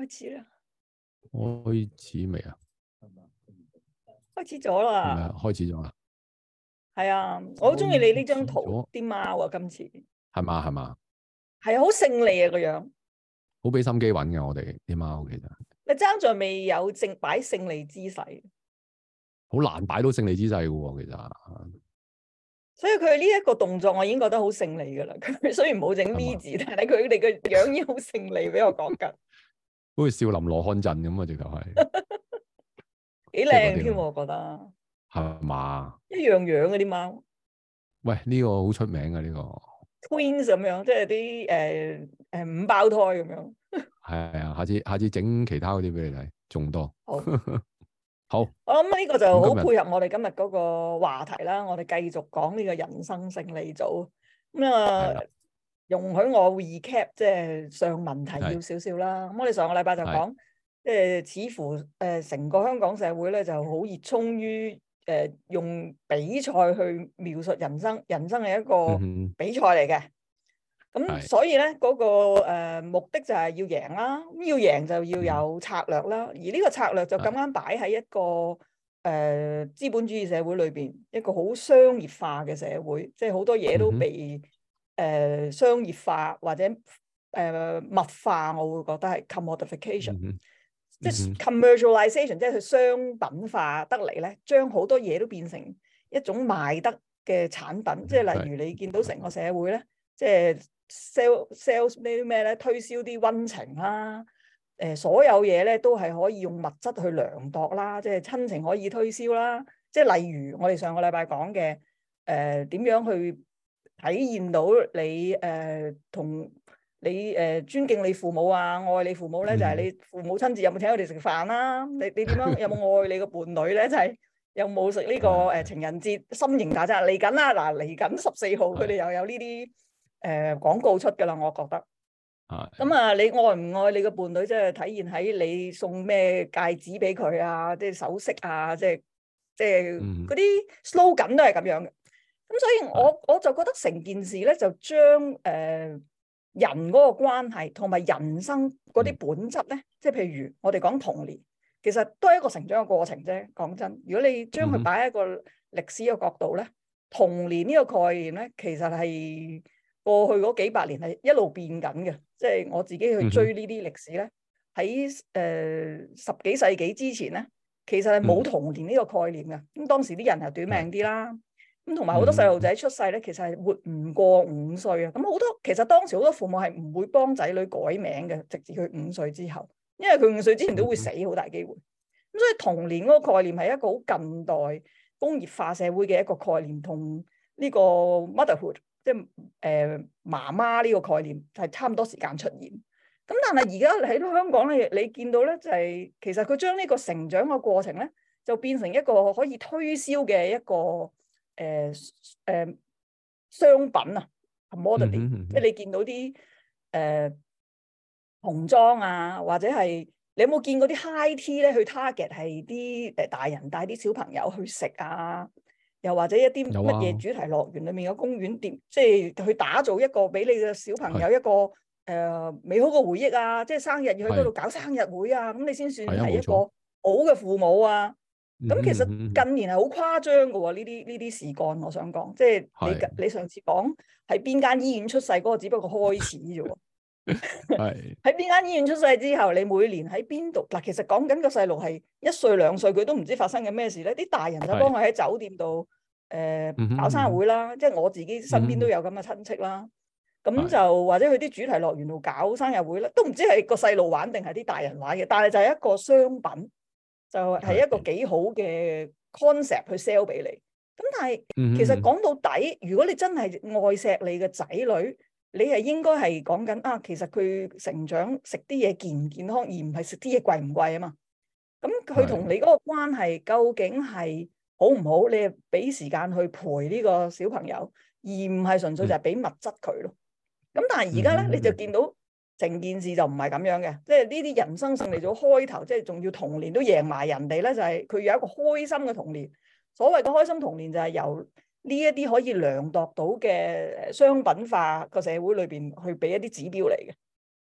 開始啦！我開始未啊？開始咗啦！開始咗啦！係啊，我好中意你呢張圖，啲貓啊，今次係嘛係嘛？係啊，好勝利啊個樣，好俾心機搵嘅我哋啲貓其實。你爭在未有正擺勝利姿勢，好難擺到勝利姿勢嘅，啊、其實。所以佢呢一個動作，我已經覺得好勝利噶啦。佢雖然冇整 V 字，吧但係佢哋嘅樣已經好勝利，俾我講緊。 好似少林羅漢陣咁啊，直頭係，幾靚添，我覺得。係嘛吧？一樣樣嗰啲貓。貓喂，呢個好出名啊。呢個。Twins 咁樣，即係啲誒誒五胞胎咁樣。係 啊，下次下次整其他嗰啲俾你睇，仲多。好。 好。我諗呢個就好配合我哋今日嗰個話題啦，天我哋繼續講呢個人生勝利組。咁啊。容許我 recap，即係上文提要少少啦。咁是我哋上個禮拜就講，即係是、呃、似乎誒成、呃、個香港社會咧就好熱衷於誒、呃、用比賽去描述人生，人生係一個比賽嚟嘅。咁是所以咧嗰、嗰個、呃、目的就係要贏啦。咁要贏就要有策略啦。嗯、而呢個策略就咁啱擺喺一個誒是、呃、資本主義社會裏邊，一個好商業化嘅社會，即係好多嘢都被。誒商業化或者誒物化，我會覺得係 commodification，即係、mm hmm. commercialization，即係佢商品化得嚟咧，將好多嘢都變成一種賣得嘅產品。即係例如你見到成個社會咧，即係對是 sell sales 啲咩咧，推銷啲温情啦，誒、呃、所有嘢咧都係可以用物質去量度啦，即係親情可以推銷啦。即係例如我哋上個禮拜講嘅誒點樣去。體現到你誒、呃、同你誒、呃、尊敬你父母啊，愛你父母咧，就係、是、你父母親節有冇請佢哋食飯啦、啊？你你點樣有冇愛你嘅伴侶咧？就係、是、有冇食呢個誒情人節心形大餐嚟緊啦！嗱、啊，嚟緊十四號，佢哋是的 又有呢啲誒廣告出㗎喇。我覺得咁是的、就是、啊，你愛唔愛你嘅伴侶，即係體現喺你送咩戒指俾佢啊，即係首飾啊，即係即係嗰啲 slogan 都係咁樣嘅。咁、嗯、所以我，我我就覺得成件事咧，就將誒、呃、人嗰個關係同埋人生嗰啲本質咧，嗯、即係譬如我哋講童年，其實都係一個成長嘅過程啫。講真，如果你將佢擺喺一個歷史嘅角度咧，童年呢個概念咧，其實係過去嗰幾百年係一路變緊嘅。即係我自己去追呢啲歷史咧，喺誒、呃、十幾世紀之前咧，其實係冇童年呢個概念嘅。咁、嗯嗯、當時啲人係短命啲啦。咁同埋好多細路仔出世咧，其實係活唔過五歲啊！咁好多其實當時好多父母係唔會幫仔女改名嘅，直至佢五歲之後，因為佢五歲之前都會死好大機會。咁所以童年嗰個概念係一個好近代工業化社會嘅一個概念，同呢個 motherhood 即係誒媽媽呢個概念就係差唔多時間出現。咁但係而家喺香港咧，你見到咧就係其實佢將呢個成長嘅過程咧，就變成一個可以推銷嘅一個。誒誒商品啊 commodity 即係你見到啲誒童裝啊，或者係你有冇見過啲 high tea 咧？去 Target 係啲誒大人帶啲小朋友去食啊，又或者一啲乜嘢主題樂園裏面嘅公園店，哇即係去打造一個俾你嘅小朋友一個誒是、呃、美好嘅回憶啊！即係生日要去嗰度搞生日會啊！咁是你先算係一個好嘅父母啊！咁、嗯、其實近年係好誇張嘅喎，呢啲呢啲事幹，我想講，即係你是你上次講喺邊間醫院出世嗰個，只不過開始啫喎。喺邊 是 間醫院出世之後，你每年喺邊度？嗱、啊，其實講緊個細路係一歲兩歲，佢都唔知發生緊咩事咧。啲大人就幫佢喺酒店度誒是、呃、搞生日會啦。嗯、哼即係我自己身邊都有咁嘅親戚啦。咁就或者去啲主題樂園度搞生日會啦，都唔知係個細路玩定係啲大人玩嘅。但係就係一個商品。就係一個幾好嘅 concept 去 sell 俾你，咁但係其實講到底，嗯、哼如果你真係愛錫你嘅仔女，你係應該係講緊啊，其實佢成長食啲嘢健唔健康，而唔係食啲嘢貴唔貴啊嘛。咁佢同你嗰個關係究竟係好唔好？你係俾時間去陪呢個小朋友，而唔係純粹就係俾物質佢咯。咁、嗯、哼但係而家咧，你就見到。成件事就唔係咁樣嘅，即係呢啲人生勝利組開頭，即係仲要童年都贏埋人哋咧，就係佢有一個開心嘅童年。所謂嘅開心童年就係由呢一啲可以量度到嘅商品化個社會裏邊去俾一啲指標嚟嘅。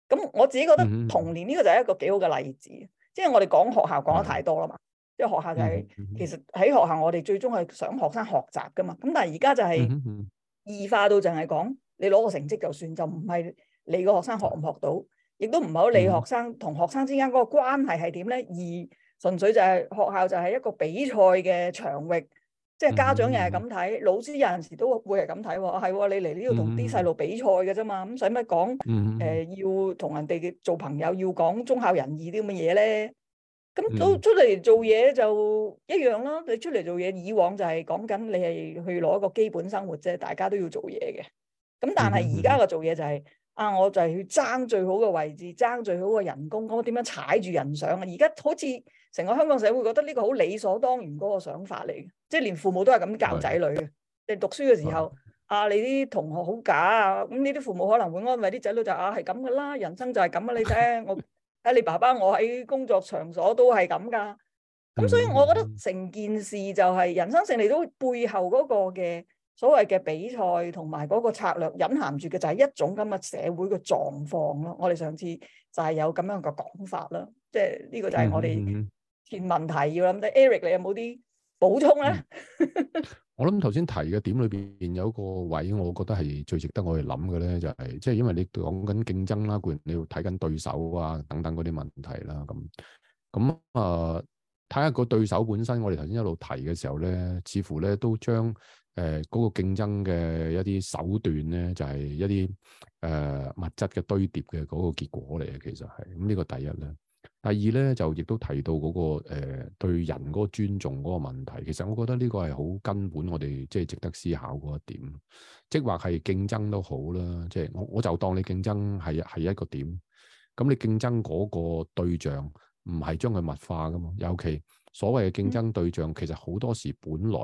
咁我自己覺得童年呢個就係一個幾好嘅例子，即係我哋講學校講得太多啦嘛。即係學校就係其實喺學校我哋最終係想學生學習噶嘛。咁但係而家就係異化到淨係講你攞個成績就算，就唔係。你個學生學唔學到，亦都唔好理學生同學生之間嗰個關係係點咧？而純粹就係學校就係一個比賽嘅場域，即係家長又係咁睇，嗯、老師有陣時都會係咁睇喎。係你嚟呢度同啲細路比賽嘅啫嘛。咁使乜講誒要同、呃、人哋做朋友，要講忠孝仁義啲咁嘅嘢咧？咁都出嚟做嘢就一樣啦。你出嚟做嘢，以往就係講緊你係去攞一個基本生活啫，大家都要做嘢嘅。咁但係而家個做嘢就係、係。啊！我就係要爭最好嘅位置，爭最好嘅人工。我點樣踩住人上啊？而家好似成個香港社會覺得呢個好理所當然嗰個想法嚟嘅，即係連父母都係咁教仔女嘅。即係的讀書嘅時候，的啊你啲同學好假啊！咁呢啲父母可能會安慰啲仔女就，啊係咁嘅啦，人生就係咁嘅。」你聽我，睇 你爸爸我喺工作場所都係咁噶。咁所以，我覺得成件事就係人生勝利組背後嗰個嘅。所謂嘅比賽同埋嗰個策略，隱含住嘅就係一種咁嘅社會嘅狀況咯。我哋上次就係有咁樣嘅講法啦，即係呢個就係我哋全問題要諗。即係 Eric，你有冇啲補充咧？我諗頭先提嘅點裏邊有個位，我覺得係最值得我哋諗嘅咧，就係即係因為你講緊競爭啦，固然你要睇緊對手啊，等等嗰啲問題啦，咁咁啊睇下個對手本身。我哋頭先一路提嘅時候咧，似乎咧都將。誒，嗰、呃那個競爭嘅一啲手段咧，就係、是、一啲誒、呃、物質嘅堆疊嘅嗰個結果嚟嘅，其實係咁呢個第一咧。第二咧就亦都提到嗰、那個誒、呃、對人嗰個尊重嗰個問題。其實我覺得呢個係好根本我，我哋即係值得思考嗰一點。即係話係競爭都好啦，即係我我就當你競爭係係一個點。咁你競爭嗰個對象唔係將佢物化噶嘛？尤其所謂嘅競爭對象，嗯、其實好多時本來。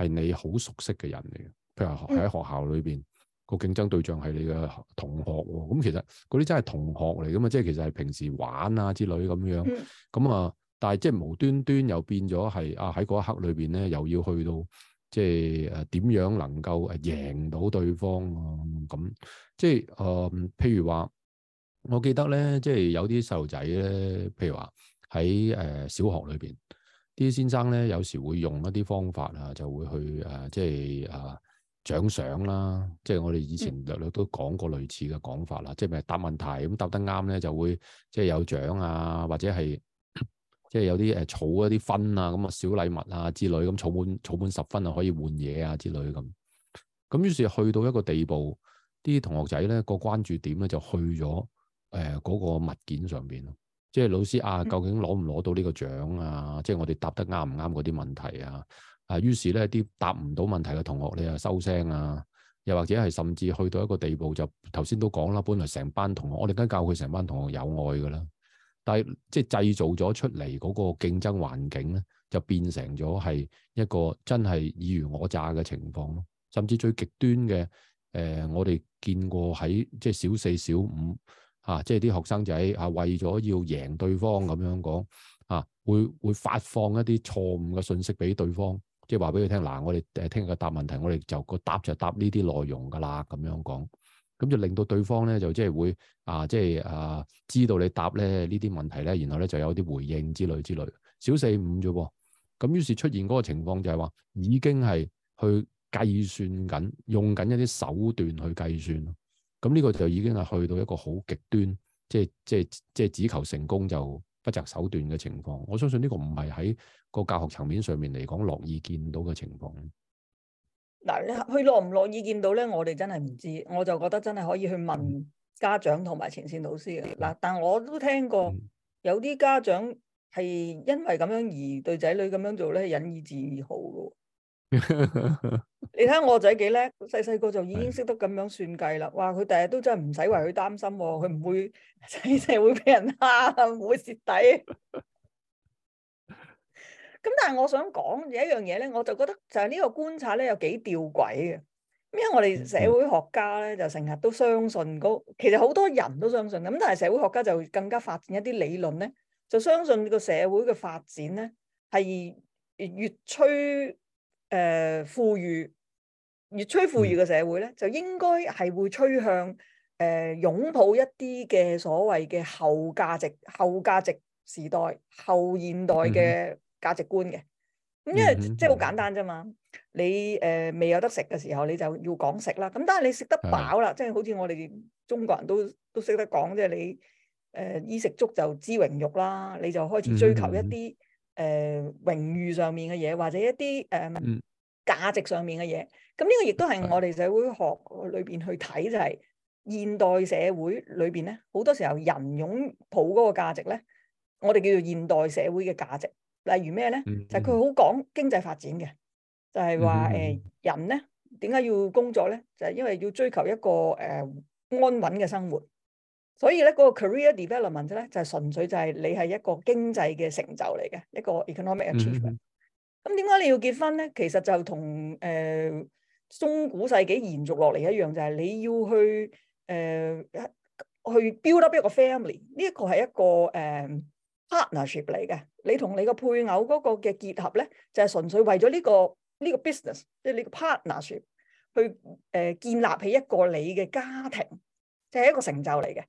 係你好熟悉嘅人嚟嘅，譬如喺學校裏邊，個競爭對象係你嘅同學喎、哦，咁、嗯、其實嗰啲真係同學嚟噶嘛，即係其實係平時玩啊之類咁樣，咁、嗯、啊，但係即係無端端又變咗係啊喺嗰一刻裏邊咧，又要去到即係誒點樣能夠誒贏到對方啊咁、嗯，即係誒、呃、譬如話，我記得咧，即係有啲細路仔咧，譬如話喺誒小學裏邊。啲先生咧有時會用一啲方法啊，就會去誒、呃，即係誒獎賞啦。即係我哋以前略略都講過類似嘅講法啦。即係咪答問題咁答得啱咧，就會即係有獎啊，或者係即係有啲誒、呃、儲一啲分啊，咁啊小禮物啊之類，咁、嗯、儲滿儲滿十分啊，可以換嘢啊之類咁。咁於是去到一個地步，啲同學仔咧個關注點咧就去咗誒嗰個物件上邊咯。即係老師啊，究竟攞唔攞到呢個獎啊？即係我哋答得啱唔啱嗰啲問題啊？啊，於是呢啲答唔到問題嘅同學，你就收聲啊，又或者係甚至去到一個地步就，就頭先都講啦，本來成班同學，我哋跟教佢成班同學友愛㗎啦，但係即係製造咗出嚟嗰個競爭環境呢，就變成咗係一個真係以虞我詐嘅情況咯。甚至最極端嘅，誒、呃，我哋見過喺即係小四、小五。啊！即係啲學生仔啊，為咗要贏對方咁樣講啊，會會發放一啲錯誤嘅信息俾對方，即係話俾佢聽嗱，我哋誒聽日答問題，我哋就個答就答呢啲內容噶啦，咁樣講，咁就令到對方咧就即係會啊，即係啊，知道你答咧呢啲問題咧，然後咧就有啲回應之類之類，小四五啫噃，咁、啊、於是出現嗰個情況就係話，已經係去計算緊，用緊一啲手段去計算。咁呢個就已經係去到一個好極端，即係即係即係只求成功就不擇手段嘅情況。我相信呢個唔係喺個教學層面上面嚟講樂意見到嘅情況。嗱，你去樂唔樂意見到咧？我哋真係唔知，我就覺得真係可以去問家長同埋前線老師。嗱，但我都聽過有啲家長係因為咁樣而對仔女咁樣做咧，引以自豪噶。 你睇我仔幾叻，細細個就已經識得咁樣算計啦。的哇，佢第日，日都真係唔使為佢擔心，啊，佢唔會喺社會俾人蝦，唔會蝕底。咁 但係我想講嘢一樣嘢咧，我就覺得就係呢個觀察咧，有幾吊詭嘅。因為我哋社會學家咧，就成日都相信嗰、那個，其實好多人都相信咁，但係社會學家就更加發展一啲理論咧，就相信個社會嘅發展咧係越趨。誒、呃、富裕越趨富裕嘅社會咧，就應該係會趨向誒、呃、擁抱一啲嘅所謂嘅後價值、後價值時代、後現代嘅價值觀嘅。咁、嗯、因為即係好簡單啫嘛。你誒、呃、未有得食嘅時候，你就要講食啦。咁但係你食得飽啦，即係是好似我哋中國人都都識得講，即係你誒、呃、衣食足就知榮辱啦，你就開始追求一啲、嗯。嗯嗯誒、呃、榮譽上面嘅嘢，或者一啲誒、呃、價值上面嘅嘢，咁呢個亦都係我哋社會學裏邊去睇就係現代社會裏邊咧，好多時候人擁抱嗰個價值咧，我哋叫做現代社會嘅價值，例如咩咧？就係佢、是、好講經濟發展嘅，就係話誒人咧點解要工作咧？就係、是、因為要追求一個誒、呃、安穩嘅生活。所以咧，嗰個 career development 咧，就係、是、純粹就係你係一個經濟嘅成就嚟嘅，一個 economic achievement。咁點解你要結婚咧？其實就同誒、呃、中古世紀延續落嚟一樣，就係、是、你要去誒、呃、去 build up family，一個 family。呢一個係一個誒 partnership 嚟嘅，你同你個配偶嗰個嘅結合咧，就係、是、純粹為咗呢、這個呢、這個 business，即係呢個 partnership，去誒、呃、建立起一個你嘅家庭，就係、是、一個成就嚟嘅。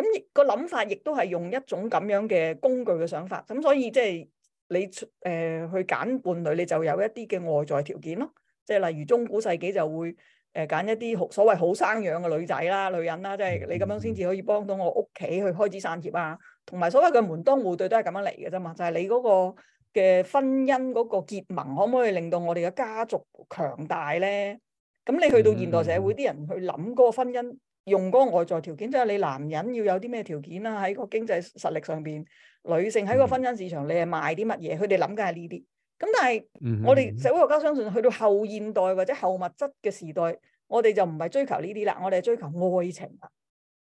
咁個諗法亦都係用一種咁樣嘅工具嘅想法，咁所以即係你誒、呃、去揀伴侶，你就有一啲嘅外在條件咯，即係例如中古世紀就會誒揀一啲好所謂好生養嘅女仔啦、女人啦，即係你咁樣先至可以幫到我屋企去開枝散葉啊，同埋所謂嘅門當戶對都係咁樣嚟嘅啫嘛，就係、是、你嗰個嘅婚姻嗰個結盟可唔可以令到我哋嘅家族強大咧？咁你去到現代社會，啲人去諗嗰個婚姻。用嗰個外在條件，即係你男人要有啲咩條件啦？喺個經濟實力上邊，女性喺個婚姻市場，你係賣啲乜嘢？佢哋諗緊係呢啲。咁但係我哋社會學家相信，去到後現代或者後物質嘅時代，我哋就唔係追求呢啲啦，我哋係追求愛情啦。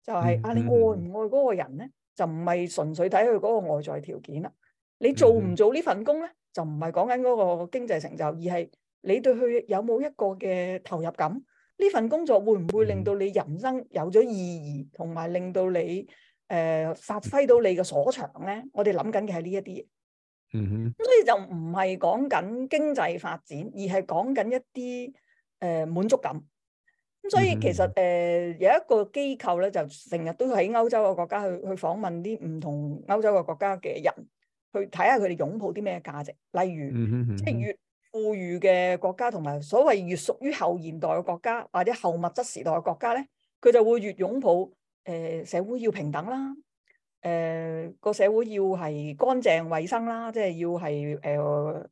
就係啊，你愛唔愛嗰個人咧？就唔係純粹睇佢嗰個外在條件啦。你做唔做呢份工咧？就唔係講緊嗰個經濟成就，而係你對佢有冇一個嘅投入感。呢份工作會唔會令到你人生有咗意義，同埋令到你誒、呃、發揮到你嘅所長咧？我哋諗緊嘅係呢一啲嘢，嗯哼，咁所以就唔係講緊經濟發展，而係講緊一啲誒滿足感。咁所以其實誒、呃、有一個機構咧，就成日都喺歐洲嘅國家去去訪問啲唔同歐洲嘅國家嘅人，去睇下佢哋擁抱啲咩價值，例如即係，嗯哼，越。富裕嘅國家同埋所謂越屬於後現代嘅國家或者後物質時代嘅國家咧，佢就會越擁抱誒社會要平等啦，誒個社會要係乾淨衞生啦，即係要係誒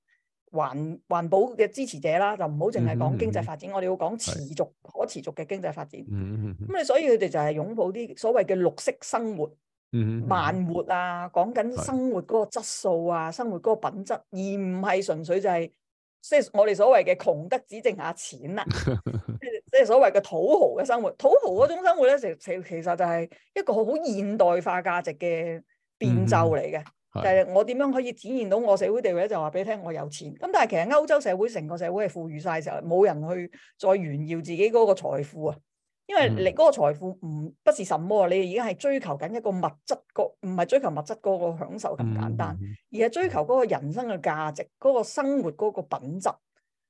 環環保嘅支持者啦，就唔好淨係講經濟發展，我哋要講持續可持續嘅經濟發展。咁你所以佢哋就係擁抱啲所謂嘅綠色生活、慢活啊，講緊生活嗰個質素啊，生活嗰個品質，而唔係純粹就係。即係我哋所謂嘅窮得只剩下錢啦， 即係所謂嘅土豪嘅生活，土豪嗰種生活咧，其其其實就係一個好現代化價值嘅變奏嚟嘅。但係，嗯嗯、我點樣可以展現到我社會地位咧？就話俾你聽，我有錢。咁但係其實歐洲社會成個社會係富裕晒嘅時候，冇人去再炫耀自己嗰個財富啊。因為你嗰個財富唔不是什麼啊，你已經係追求緊一個物質個，唔係追求物質嗰個享受咁簡單，而係追求嗰個人生嘅價值，嗰、嗰個生活嗰個品質。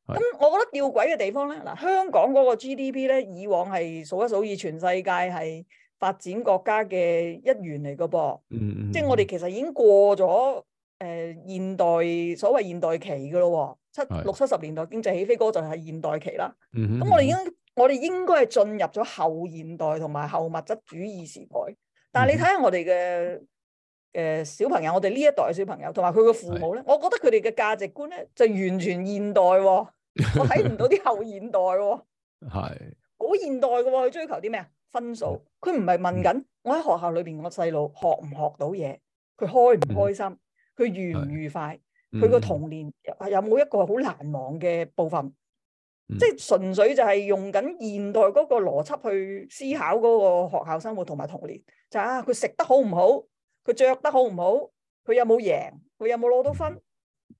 咁是的 我覺得吊詭嘅地方咧，嗱，香港嗰個 GDP 咧，以往係數一數二，全世界係發展國家嘅一員嚟噶噃。即係是的 我哋其實已經過咗，誒、呃、現代所謂現代期噶咯，七六七十年代經濟起飛嗰個就係現代期啦。咁是的 我哋已經。我哋應該係進入咗後現代同埋後物質主義時代，但係你睇下我哋嘅誒小朋友，我哋呢一代嘅小朋友同埋佢嘅父母咧，是我覺得佢哋嘅價值觀咧就完全現代，哦，我睇唔到啲後現代，哦。係好 是現代嘅，哦，佢追求啲咩啊？分數，佢唔係問緊我喺學校裏邊，我細路學唔學到嘢？佢開唔開心？佢、嗯、愉唔愉快？佢個是童年有冇一個好難忘嘅部分？即係純粹就係用緊現代嗰個邏輯去思考嗰個學校生活同埋童年，就係、啊佢食得好唔好？佢着得好唔好？佢有冇贏？佢有冇攞到分？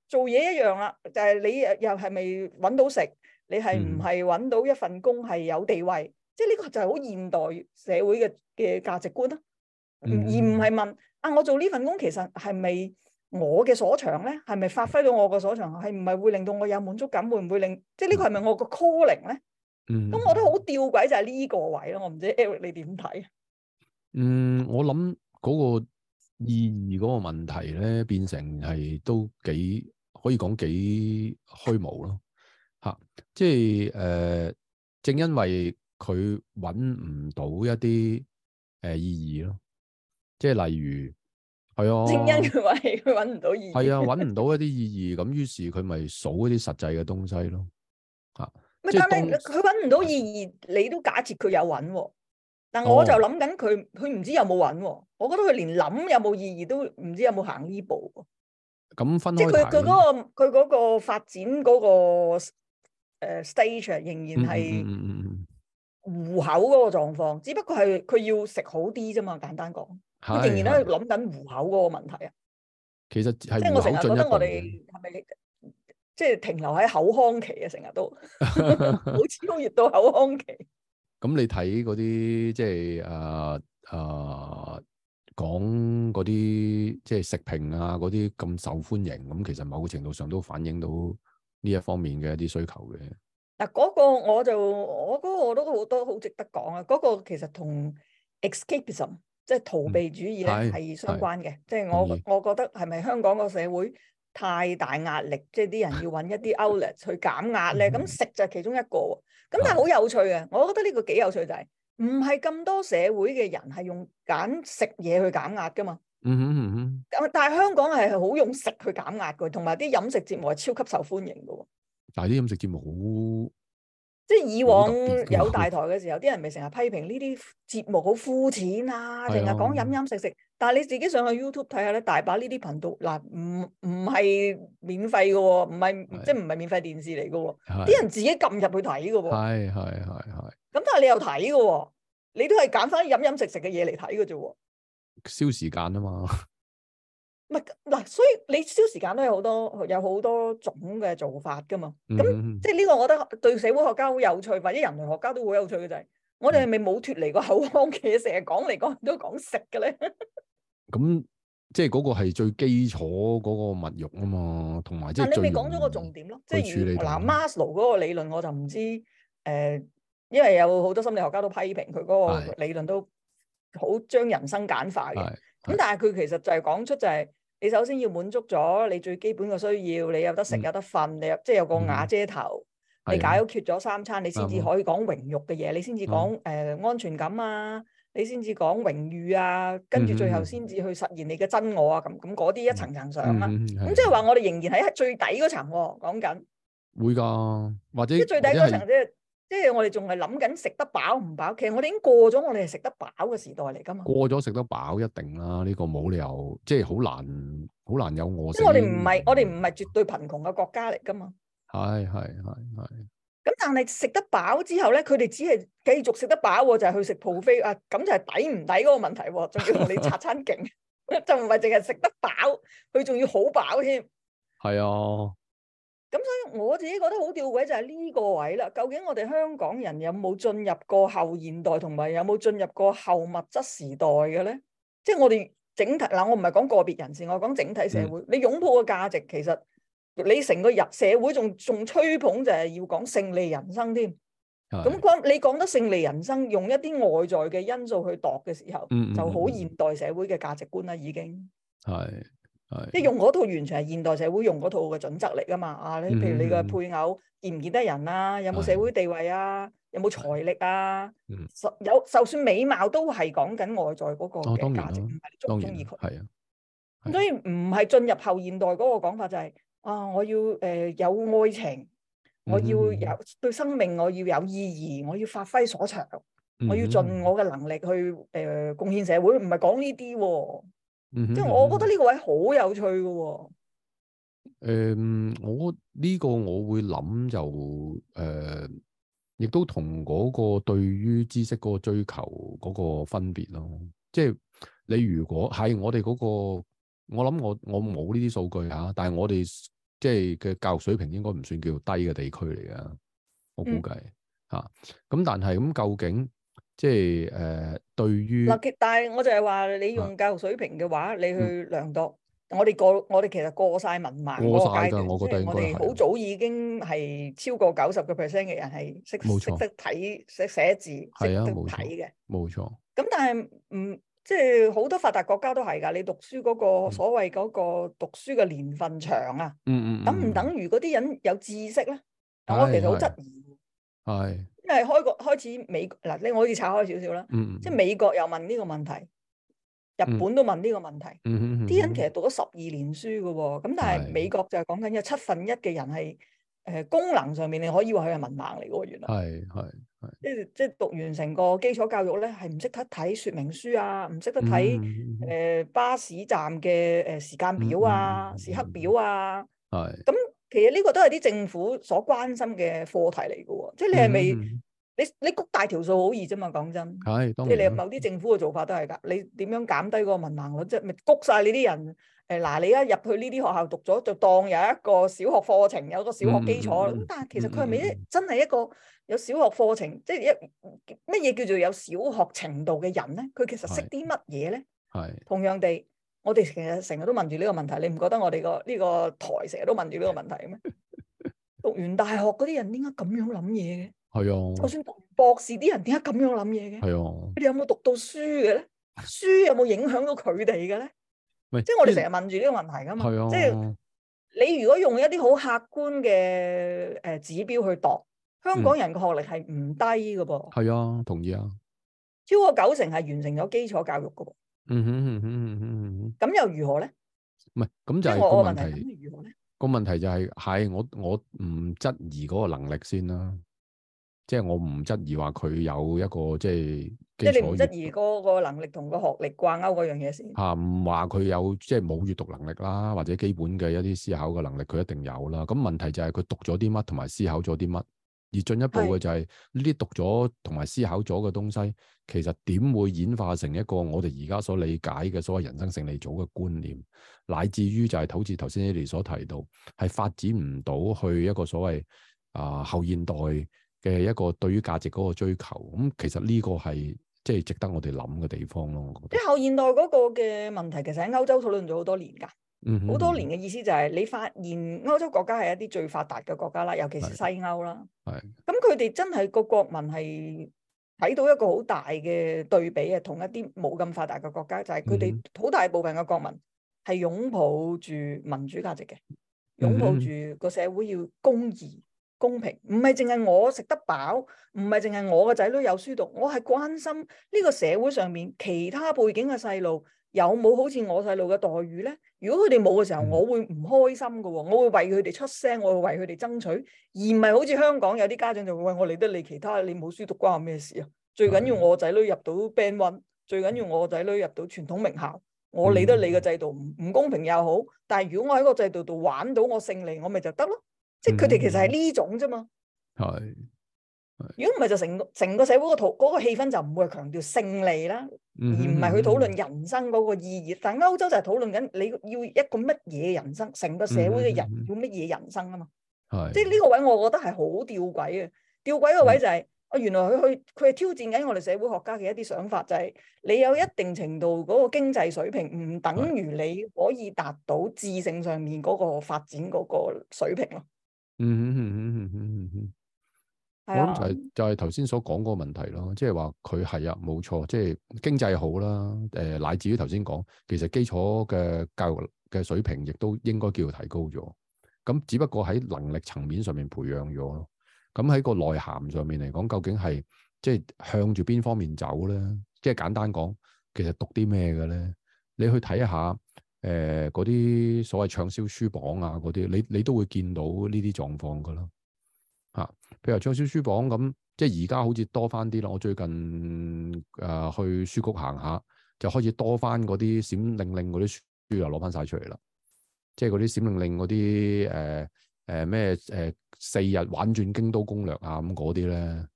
做嘢一樣啦、啊，就係、係、你又係咪揾到食？你係唔係揾到一份工係有地位？嗯、即係呢個就係好現代社會嘅嘅價值觀啦、啊，而唔係問啊我做呢份工其實係咪？我嘅所長咧，係咪發揮到我嘅所長？係唔係會令到我有滿足感？會唔會令即係呢個係咪我個 calling 咧？咁我覺得好吊詭就係呢個位咯。我唔知 Eric 你點睇？嗯，我諗嗰個意義嗰個問題咧，變成係都幾可以講幾虛無咯。嚇、啊，即係誒、呃，正因為佢揾唔到一啲誒、呃、意義咯，即係例如。係啊，正因佢搵唔到意義，係 啊，搵唔到一啲意義，咁於是佢咪數一啲實際嘅東西咯，吓。唔但係佢搵唔到意義，你都假設佢有搵，但我就諗緊佢，佢唔、哦、知有冇搵。我覺得佢連諗有冇意義都唔知有冇行呢步。咁分開。即係佢佢嗰個佢個發展嗰、嗰個誒、呃、stage 仍然係戶口嗰個狀況，只不過係佢要食好啲啫嘛，簡單講。你仍然咧諗緊糊口嗰個問題啊，其實係即我成日覺得我哋係咪即係停留喺口腔期啊？成日都好似超越到口腔期。咁你睇嗰啲即係啊啊講嗰啲即係食評啊嗰啲咁受歡迎，咁其實某程度上都反映到呢一方面嘅一啲需求嘅。嗱，嗰個我就我嗰個我都好多好值得講啊！嗰、嗰個其實同 escapism。即係逃避主義咧係相關嘅，嗯、即係我我覺得係咪香港個社會太大壓力，即係啲人要揾一啲 outlet 去減壓咧？咁唉食就係其中一個，咁但係好有趣嘅，我覺得呢個幾有趣就係唔係咁多社會嘅人係用揀食嘢去減壓噶嘛？嗯哼嗯，咁但係香港係好用食去減壓噶，同埋啲飲食節目係超級受歡迎噶。但係啲飲食節目好。即係以往有大台嘅時候，啲人咪成日批評呢啲節目好膚淺啊，成日講飲飲食食。的但係你自己上去 YouTube 睇下咧，大把呢啲頻道嗱，唔唔係免費嘅，唔係的即係唔係免費電視嚟嘅。啲的人自己撳入去睇㗎。係係係係。咁但係你又睇㗎，你都係揀翻飲飲食食嘅嘢嚟睇㗎啫。燒時間啊嘛。唔係嗱，所以你消時間都有好多，有好多種嘅做法噶嘛。咁即係呢個，我覺得對社會學家好有趣，或者人類學家都好有趣嘅就係，我哋係咪冇脫離過口腔嘅嘢，成日講嚟講都講食嘅咧。咁即係嗰個係最基礎嗰個物慾啊嘛，同埋即係你未講咗個重點咯。即係處理嗱 Maslow 嗰個理論，我就唔知誒，因為有好多心理學家都批評佢嗰個理論都好將人生簡化嘅。咁但係佢其實就係講出就係。你首先要滿足咗你最基本嘅需要，你有得食、嗯、有得瞓，你即係有個瓦遮頭，你解決咗三餐，嗯、你先至可以講榮辱嘅嘢，嗯、你先至講誒安全感啊，你先至講榮譽啊，跟住最後先至去實現你嘅真我啊，咁咁嗰啲一層層上啊，咁即係話我哋仍然喺最底嗰層喎、啊，講緊。會㗎，或者。即最底即係我哋仲係諗緊食得飽唔飽？其實我哋已經過咗我哋係食得飽嘅時代嚟噶嘛。過咗食得飽一定啦，呢個冇理由，即係好難，好難有餓。即係我哋唔係，我哋唔係絕對貧窮嘅國家嚟噶嘛。係係係係。咁但係食得飽之後咧，佢哋只係繼續食得飽，就係去食 buffet 啊。咁就係抵唔抵嗰個問題喎？仲要同你拆餐勁，就唔係淨係食得飽，佢仲要好飽添。係啊。咁所以我自己覺得好吊詭就係呢個位啦。究竟我哋香港人有冇進入過後現代，同埋有冇進入過後物質時代嘅咧？即係我哋整體嗱，我唔係講個別人士，我講整體社會。你擁抱嘅價值，其實你成個入社會仲仲吹捧就係要講勝利人生添。咁講你講得勝利人生，用一啲外在嘅因素去度嘅時候，就好現代社會嘅價值觀啦，已經係。即係用嗰套完全係現代社會用嗰套嘅準則嚟㗎嘛。啊你譬如你個配偶見唔見得人啊，有冇社會地位啊，有冇財力啊，嗯、有就算美貌都係講緊外在嗰個嘅價值，唔係中唔中意佢。係啊，所以唔係進入後現代嗰個講法就係、是、啊，我要誒、呃、有愛情，我要有、嗯、對生命我要有意義，我要發揮所長，嗯、我要盡我嘅能力去誒貢獻社會，唔係講呢啲。即係、嗯、我覺得呢個位好有趣嘅，哦、誒、嗯，我呢個我會諗就誒，亦、呃、都同嗰個對於知識嗰個追求嗰個分別咯。即、就、係、是、你如果係我哋嗰、那個，我諗我我冇呢啲數據吓、啊，但係我哋即係嘅教育水平應該唔算叫低嘅地區嚟嘅，我估計吓。咁、嗯啊、但係咁究竟即係誒，對於嗱，但係我就係話你用教育水平嘅話，你去量度，我哋過，我哋其實過晒文盲個階段，即係我哋好早已經係超過九十個 percent 嘅人係識識得睇識寫字，識得睇嘅，冇錯。咁但係唔即係好多發達國家都係噶，你讀書嗰個所謂嗰個讀書嘅年份長啊，嗯嗯，等唔等如嗰啲人有知識咧？我其實好質疑，係。因為開國開始美嗱，你我可以拆開少少啦，嗯、即係美國又問呢個問題，日本都問呢個問題，啲人其實讀咗十二年書嘅，咁但係美國就係講緊有七分一嘅人係誒功能上面你可以話佢係文盲嚟嘅。原來係係係即係即係讀完成個基礎教育咧，係唔識得睇說明書啊，唔識得睇誒、嗯嗯嗯呃、巴士站嘅誒時間表啊、時刻表啊，係咁、嗯。嗯嗯嗯 father oa 其實呢個都係啲政府所關心嘅課題嚟嘅喎，即係你係咪、嗯、你你谷大條數好易啫嘛？講真，係、哎，即係你某啲政府嘅做法都係㗎。你點樣減低個文盲率啫？即係咪谷晒你啲人誒嗱、呃，你一入去呢啲學校讀咗就當有一個小學課程，有個小學基礎。咁、嗯、但係其實佢係咪真係一個有小學課程？即係一乜嘢叫做有小學程度嘅人咧？佢其實識啲乜嘢咧？係同樣地。我哋其實成日都問住呢個問題，你唔覺得我哋個呢個台成日都問住呢個問題咩？ 讀完大學嗰啲人點解咁樣諗嘢嘅？係 啊。就算讀完博士啲人點解咁樣諗嘢嘅？係啊。佢哋有冇讀到書嘅咧？書有冇影響到佢哋嘅咧？喂即係我哋成日問住呢個問題噶嘛？即係、啊、你如果用一啲好客觀嘅誒指標去度，香港人嘅學歷係唔低噶噃。係啊，同意啊。超過九成係完成咗基礎教育噶。嗯哼嗯哼嗯哼咁又如何咧？唔係咁就係、是、個問題，問題如何咧？個問題就係、是、係我我唔質疑嗰個能力先啦，即、就、係、是、我唔質疑話佢有一個即係即係你唔質疑嗰個能力同個學歷掛鈎嗰樣嘢先啊？唔話佢有即係冇閱讀能力啦，或者基本嘅一啲思考嘅能力，佢一定有啦。咁、那個、問題就係佢讀咗啲乜，同埋思考咗啲乜。而進一步嘅就係呢啲讀咗同埋思考咗嘅東西，其實點會演化成一個我哋而家所理解嘅所謂人生勝利組嘅觀念，乃至於就係好似頭先你哋所提到，係發展唔到去一個所謂啊、呃、後現代嘅一個對於價值嗰個追求。咁、嗯、其實呢個係即係值得我哋諗嘅地方咯。我覺得，即係後現代嗰個嘅問題，其實喺歐洲討論咗好多年㗎。好多年嘅意思就係你發現歐洲國家係一啲最發達嘅國家啦，尤其是西歐啦。咁，佢哋真係個國民係睇到一個好大嘅對比嘅，同一啲冇咁發達嘅國家，就係佢哋好大部分嘅國民係擁抱住民主價值嘅，擁抱住個社會要公義、公平，唔係淨係我食得飽，唔係淨係我個仔女有書讀，我係關心呢個社會上面其他背景嘅細路。有冇好似我細路嘅待遇咧？如果佢哋冇嘅時候，我會唔開心噶、哦，我會為佢哋出聲，我會為佢哋爭取，而唔係好似香港有啲家長就會喂，我理得你其他，你冇書讀關我咩事啊？最緊要我仔女入到 band one，最緊要我仔女入到傳統名校，我理得你嘅制度唔唔公平又好，但係如果我喺個制度度玩到我勝利，我咪就得咯、啊。即係佢哋其實係呢種啫嘛。係。 如果唔係就成個成個社會個討嗰個氣氛就唔會強調勝利啦，而唔係去討論人生嗰個意義。但係歐洲就係討論緊你要一個乜嘢人生，成個社會嘅人要乜嘢人生啊嘛？的即係呢個位，我覺得係好吊詭嘅。吊詭個位就係、是、啊，的原來佢佢佢係挑戰緊我哋社會學家嘅一啲想法、就是，就係你有一定程度嗰個經濟水，水平，唔等於你可以達到智性上面嗰個發展嗰個水平咯。嗯嗯嗯嗯嗯嗯嗯。我諗就係就係頭先所講嗰個問題咯、就是，即係話佢係啊冇錯，即係經濟好啦，誒、呃，乃至於頭先講，其實基礎嘅教育嘅水平亦都應該叫提高咗，咁只不過喺能力層面上面培養咗咯，咁喺個內涵上面嚟講，究竟係即係向住邊方面走咧？即係簡單講，其實讀啲咩嘅咧？你去睇一下誒嗰啲所謂暢銷書榜啊，嗰啲，你你都會見到呢啲狀況噶啦。啊，比如暢銷書榜咁，即係而家好似多翻啲啦。我最近誒、呃、去書局行下，就開始多翻嗰啲閃令令嗰啲書又攞翻晒出嚟啦。即係嗰啲閃令令嗰啲誒誒咩誒四日玩轉京都攻略啊咁嗰啲咧，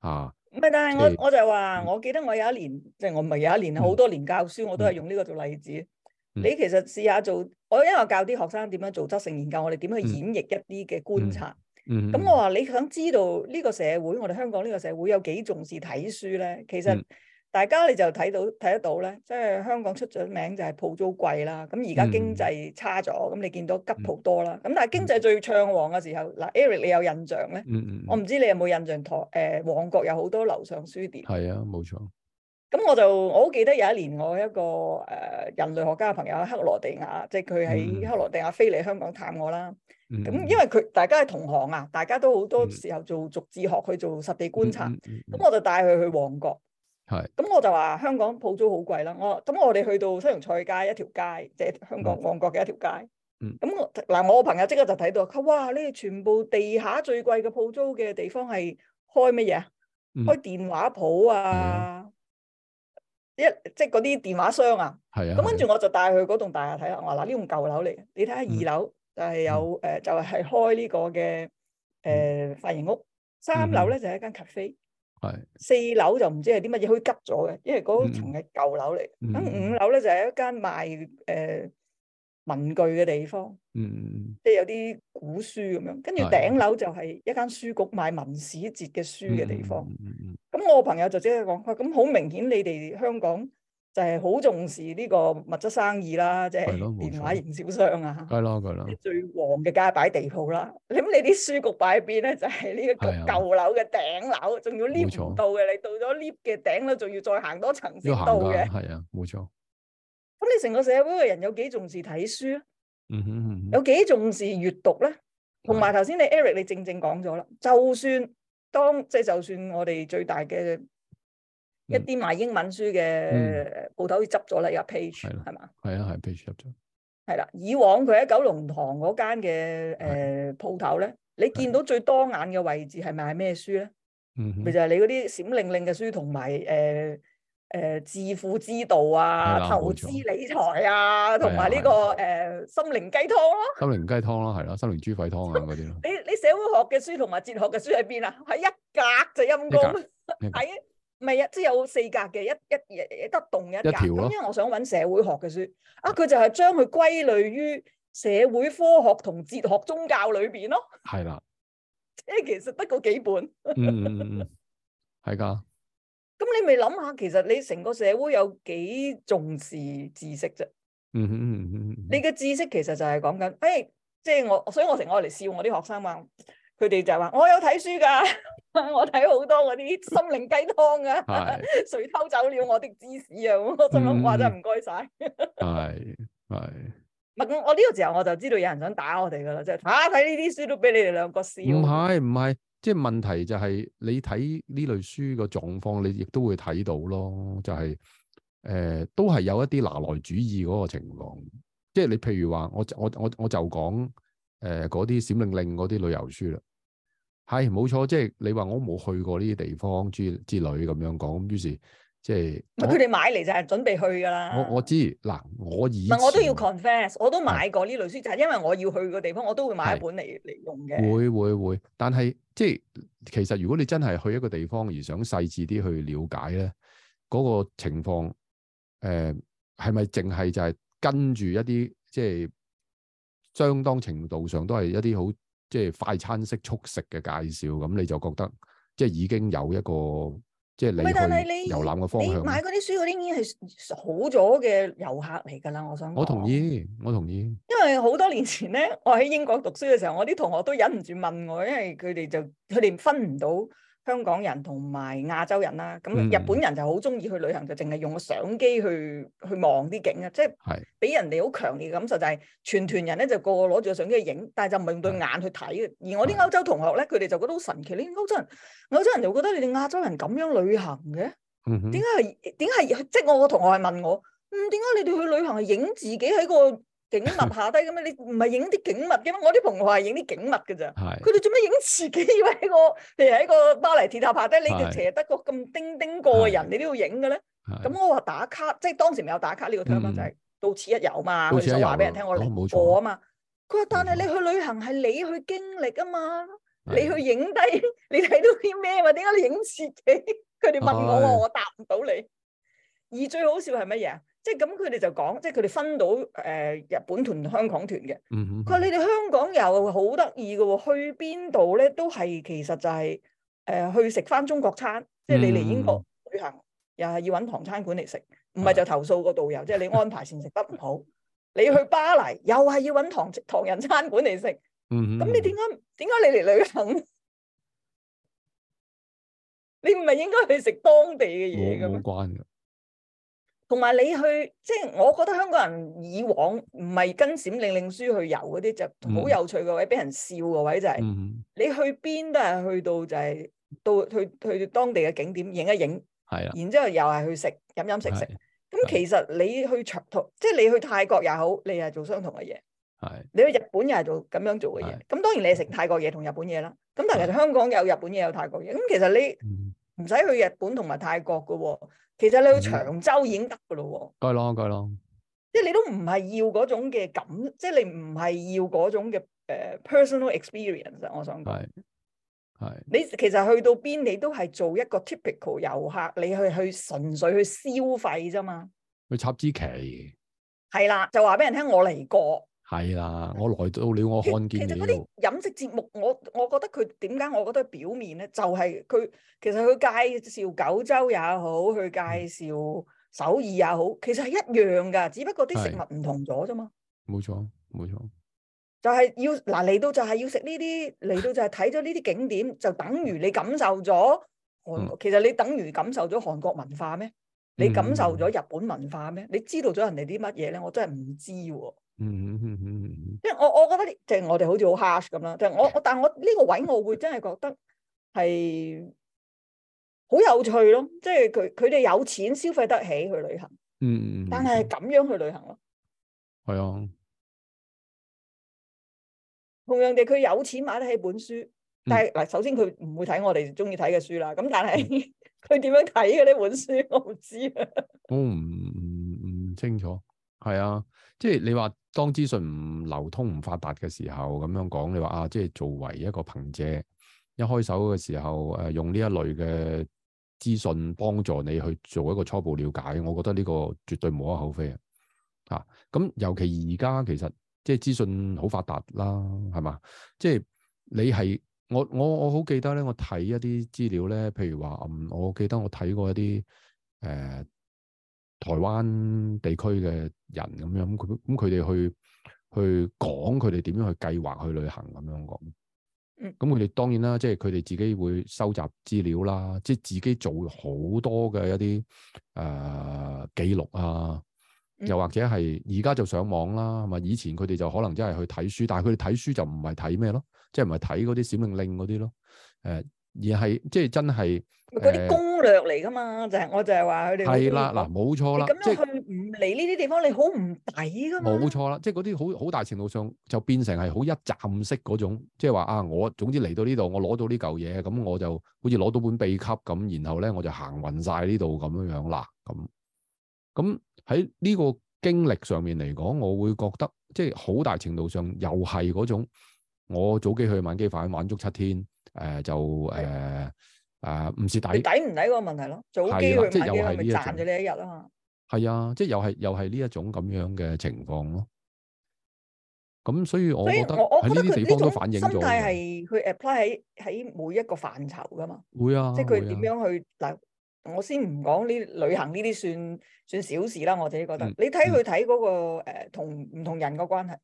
啊。唔係，啊、但係我、就是、我就話，我記得我有一年，即係、嗯、我唔係有一年好多年教書，嗯、我都係用呢個做例子。嗯、你其實試下做，我因為我教啲學生點樣做質性研究，我哋點去演繹一啲嘅觀察。嗯咁、嗯嗯、我話，你想知道呢個社會，我哋香港呢個社會有幾重視睇書咧？其實大家你就睇到睇、嗯、得到咧，即係香港出咗名就係鋪租貴啦。咁而家經濟差咗，咁、嗯嗯、你見到吉鋪多啦。咁但係經濟最暢旺嘅時候，嗱，Eric 你有印象咧？嗯嗯，我唔知你有冇印象台誒，旺、呃、角有好多樓上書店。係啊，冇錯。咁我就我好記得有一年，我一個誒、呃、人類學家嘅朋友喺克羅地亞，即係佢喺克羅地亞、嗯、飛嚟香港探我啦。咁因為佢大家係同行啊，大家都好多時候做逐字學去做實地觀察，咁我就帶佢去旺角。係，咁我就話香港鋪租好貴啦。我咁我哋去到西洋菜街一條街，即係香港旺角嘅一條街。嗯，咁嗱，我個朋友即刻就睇到，佢哇，呢全部地下最貴嘅鋪租嘅地方係開乜嘢啊？開電話鋪啊，一即係嗰啲電話箱啊。係啊，咁跟住我就帶佢嗰棟大廈睇下，我話嗱呢棟舊樓嚟，你睇下二樓。就係有誒，就係開呢個嘅誒髮型屋，三樓咧就係一間咖啡，係四樓就唔知係啲乜嘢，可以急咗嘅，因為嗰層係舊樓嚟。咁五樓咧就係一間賣誒文具嘅地方，嗯嗯嗯，即係有啲古書咁樣。跟住頂樓就係一間書局，賣文史哲嘅書嘅地方。咁我朋友就即刻講：喂，咁好明顯，你哋香港。就係好重視呢個物質生意啦，即係電話營銷商啊！係咯，係咯。最旺嘅梗係擺地鋪啦。你諗，你啲書局擺邊咧？就係呢個舊樓嘅頂樓，仲要 lift 唔到嘅。你到咗 lift 嘅頂樓，仲要再行多層先到嘅。係啊，冇錯。咁你成個社會嘅人有幾重視睇書啊？嗯哼，有幾重視閱讀咧？同埋頭先你 Eric 你正正講咗啦，就算當即係就算我哋最大嘅。一啲賣英文書嘅、嗯、鋪頭，佢執咗啦，有 page 係嘛？係啊，係 page 執咗。係啦，以往佢喺九龍塘嗰間嘅誒鋪頭咧，你見到最多眼嘅位置係咪係咩書咧？咪、嗯、哼就係你嗰啲閃令令嘅書，同埋誒誒致富之道啊，的投資理財啊，同埋呢個誒心靈雞湯咯。心靈雞湯咯，係咯，心靈豬肺湯啊嗰啲咯。你你社會學嘅書同埋哲學嘅書喺邊啊？喺一格就陰功，係。唔係啊，即係有四格嘅，一一嘢得動一格，因為我想揾社會學嘅書啊，佢就係將佢歸類於社會科學同哲學宗教裏邊咯。係啦，即係其實得幾本。嗯嗯嗯，係噶。咁你咪諗下，其實你成個社會有幾重視知識啫？嗯嗯嗯嗯。你嘅知識其實就係講緊，誒，即係我，所以我成日愛嚟笑我啲學生嘛，佢哋就係話我有睇書噶。 我睇好多嗰啲心靈雞湯啊，誰 偷走了我的芝士啊？ 我心真心話真係唔該晒。係係，係咁 我呢個時候我就知道有人想打我哋噶啦，即係啊睇呢啲書都俾你哋兩個笑。唔係唔係，即係問題就係你睇呢類書個狀況，你亦都會睇到咯。就係、是、誒、呃，都係有一啲拿來主義嗰個情況。即係你譬如話我我我我就講誒嗰啲閃令令嗰啲旅遊書啦。係冇錯，即係你話我冇去過呢啲地方之類之類咁樣講，咁於是即係，唔係佢哋買嚟就係準備去噶啦。我我知，嗱，我而，唔係我都要 confess，我都買過呢類書，就係是因為我要去嘅地方，我都會買一本嚟嚟是用嘅。會會會，但係即係其實如果你真係去一個地方而想細致啲去了解咧，嗰個情況，誒係咪淨係就係跟住一啲即係相當程度上都係一啲好。即係快餐式速食嘅介紹，咁你就覺得即係、就是、已經有一個即係、就是、你去遊覽嘅方向。買嗰啲書嗰啲已經係好咗嘅遊客嚟㗎喇，我想。我同意，我同意。因為好多年前咧，我喺英國讀書嘅時候，我啲同學都忍唔住問我，因為佢哋就佢哋分唔到。香港人同埋亞洲人啦，咁日本人就好中意去旅行，就淨係用個相機去去望啲景啊！即係俾人哋好強烈嘅感受就係、是，全團人咧就個個攞住個相機去影，但係就唔係用對眼去睇嘅。而我啲歐洲同學咧，佢哋就覺得好神奇，你歐洲人，歐洲人就覺得你哋亞洲人咁樣旅行嘅，點解係點解係？即係、就是、我個同學係問我，嗯，點解你哋去旅行係影自己喺個景物拍低咁啊！你唔係影啲景物嘅咩？我啲同學係影啲景物嘅咋。佢哋做咩影自己？以為喺個譬如喺個巴黎鐵塔拍低你，就斜得個咁丁丁個人，你都要影嘅咧？咁我話打卡，即係當時未有打卡呢個聽法，就係到此一遊嘛。就話俾人聽我嚟過啊嘛。佢話：但係你去旅行係你去經歷啊嘛，你去影低，你睇到啲咩？話點解你影自己？佢哋問我，我答唔到你。而最好笑係乜嘢？即係咁，佢哋就講，即係佢哋分到誒、呃、日本團、香港團嘅。佢話、mm hmm. 你哋香港又好得意嘅喎，去邊度咧都係其實就係、是、誒、呃、去食翻中國餐。即係你嚟英國旅行，mm hmm. 又係要揾唐餐館嚟食，唔係就投訴個導遊， 即係你安排膳食得唔好。你去巴黎又係要揾唐唐人餐館嚟食。咁、mm hmm. 你點解點解你嚟旅行？ 你唔係應該去食當地嘅嘢嘅咩？同埋你去，即係我覺得香港人以往唔係跟閃令令書去遊嗰啲，就好有趣嘅位，俾人笑嘅位就係、是嗯、哼你去邊都係去到就係、是、到去去到當地嘅景點影一影，係啦的，然之後又係去食飲飲食食。咁的其實你去長途，的即係你去泰國又好，你又係做相同嘅嘢。係的你去日本又係做咁樣做嘅嘢。咁的當然你係食泰國嘢同日本嘢啦。咁但係香港有日本嘢，有泰國嘢。咁其實你唔使去日本同埋泰國㗎喎。嗯嗯。其實你去長洲已經得嘅咯喎，該咯該咯， 即係你都唔係要嗰種嘅感，即係 你唔係要嗰種嘅誒、uh, personal experience。我想講係係，你其實去到邊你都係做一個 typical 遊客，你去去純粹去消費啫嘛 ，去插支旗，係 啦，就話俾人聽我嚟過。.係啦，我來到了，我看見其實嗰啲飲食節目，我我覺得佢點解？我覺得，我覺得表面咧，就係、是、佢其實佢介紹九州也好，佢介紹首爾也好，其實係一樣噶，只不過啲食物唔同咗啫嘛。冇錯，冇錯，錯就係要嗱嚟、啊、到就係要食呢啲，嚟到就係睇咗呢啲景點， 就等於你感受咗韓其實你等於感受咗韓國文化咩？你感受咗日本文化咩？你知道咗人哋啲乜嘢咧？我真係唔知、啊。 嗯嗯嗯嗯，即係我我覺得，即係我哋好似好 harsh 咁啦。即係我我，但我呢個位我會真係覺得係好有趣咯。即係佢佢哋有錢消費得起去旅行，嗯，嗯，但係咁樣去旅行咯。係啊，同樣地，佢有錢買得起本書，但係嗱，嗯、首先佢唔會睇我哋中意睇嘅書啦。咁但係佢點樣睇嘅呢本書，我唔知啊。我唔唔唔清楚。係啊，即係你話。當資訊唔流通、唔發達嘅時候，咁樣講你話啊，即係作為一個憑藉，一開手嘅時候，誒、呃、用呢一類嘅資訊幫助你去做一個初步了解，我覺得呢個絕對無可厚非啊！啊，咁、嗯、尤其而家其實即係資訊好發達啦，係嘛？即係你係我我我好記得咧，我睇一啲資料咧，譬如話，嗯，我記得我睇過一啲誒。呃台灣地區嘅人咁樣，佢咁佢哋去去講佢哋點樣去計劃去旅行咁樣講。嗯，咁佢哋當然啦，即係佢哋自己會收集資料啦，即係自己做好多嘅一啲誒記錄啊，又或者係而家就上網啦，係咪？以前佢哋就可能真係去睇書，但係佢哋睇書就唔係睇咩咯，即係唔係睇嗰啲閃令令嗰啲咯，誒、呃。而係即係真係嗰啲攻略嚟噶嘛？呃、就係我就係話佢哋係啦，嗱冇錯啦。咁樣去唔嚟呢啲地方，你好唔抵噶。冇錯啦，即係嗰啲好好大程度上就變成係好一站式嗰種，即係話啊，我總之嚟到呢度，我攞到呢嚿嘢，咁我就好似攞到本秘笈咁，然後咧我就行運晒呢度咁樣樣啦。咁咁喺呢個經歷上面嚟講，我會覺得即係好大程度上又係嗰種，我早機去晚機返，玩足七天。誒、呃，就誒，啊、呃，唔是的、呃呃、抵，抵唔抵嗰個問題咯，做好機會，唔係啲人咪賺咗呢一日嘛？係啊，即係又係又係呢一種咁、就是、樣嘅情況咯。咁所以我覺得喺呢啲地方都反映咗，心態係佢 apply 喺喺每一個範疇噶嘛。會啊，即係佢點樣去嗱？啊、我先唔講呢旅行呢啲算算小事啦。我自己覺得，嗯、你睇佢睇嗰個誒同唔同人嘅關係，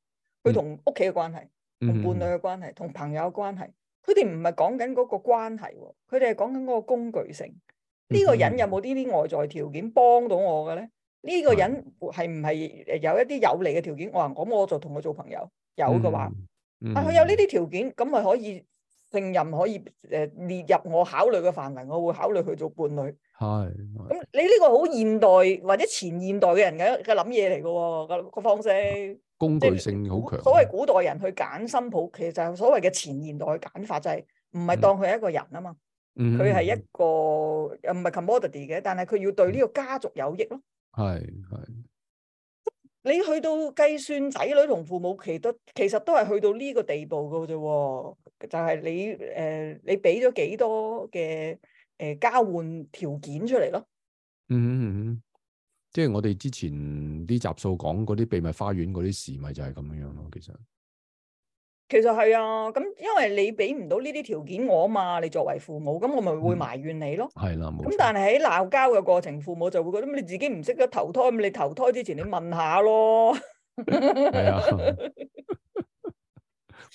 佢同屋企嘅關係，同伴侶嘅關係，同朋友嘅關係。佢哋唔係講緊嗰個關係喎，佢哋係講緊嗰個工具性。呢、這個人有冇呢啲外在條件幫到我嘅咧？呢、這個人係唔係誒有一啲有利嘅條件？我話咁我就同佢做朋友。有嘅話，嗯嗯、啊佢有呢啲條件，咁咪可以勝任，可以誒列入我考慮嘅範圍。我會考慮佢做伴侶。係、嗯。咁你呢個好現代或者前現代嘅人嘅嘅諗嘢嚟嘅喎，個個方式。工具性好強。所謂古代人去揀新抱，其實就係所謂嘅前現代嘅揀法，就係唔係當佢係一個人啊嘛。佢係、嗯、一個又唔係 commodity 嘅，但係佢要對呢個家族有益咯。係係、嗯。你去到計算仔女同父母，其得其實都係去到呢個地步嘅啫，就係、是、你誒、呃、你俾咗幾多嘅誒、呃、交換條件出嚟咯。嗯嗯。嗯嗯。即係我哋之前啲集數講嗰啲秘密花園嗰啲事，咪就係咁樣咯。其實其實係啊，咁因為你俾唔到呢啲條件我啊嘛，你作為父母，咁我咪會埋怨你咯。係啦、嗯，咁但係喺鬧交嘅過程，父母就會覺得，你自己唔識得投胎，咁你投胎之前你問下咯。 係啊，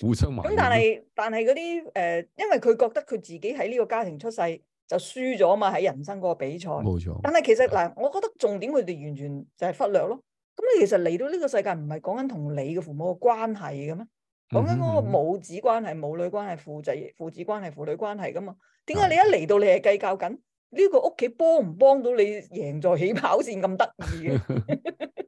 互相埋怨。咁但係但係嗰啲誒，因為佢覺得佢自己喺呢個家庭出世。就輸咗啊嘛，喺人生嗰個比賽。冇錯。但係其實嗱，我覺得重點佢哋完全就係忽略咯。咁、嗯、你、嗯、其實嚟到呢個世界，唔係講緊同你嘅父母嘅關係嘅咩？講緊嗰個母子關係、母女關係、父仔父子關係、父女關係噶嘛？點解你一嚟到你係計較緊呢、呢個屋企幫唔幫到你贏在起跑線咁得意嘅？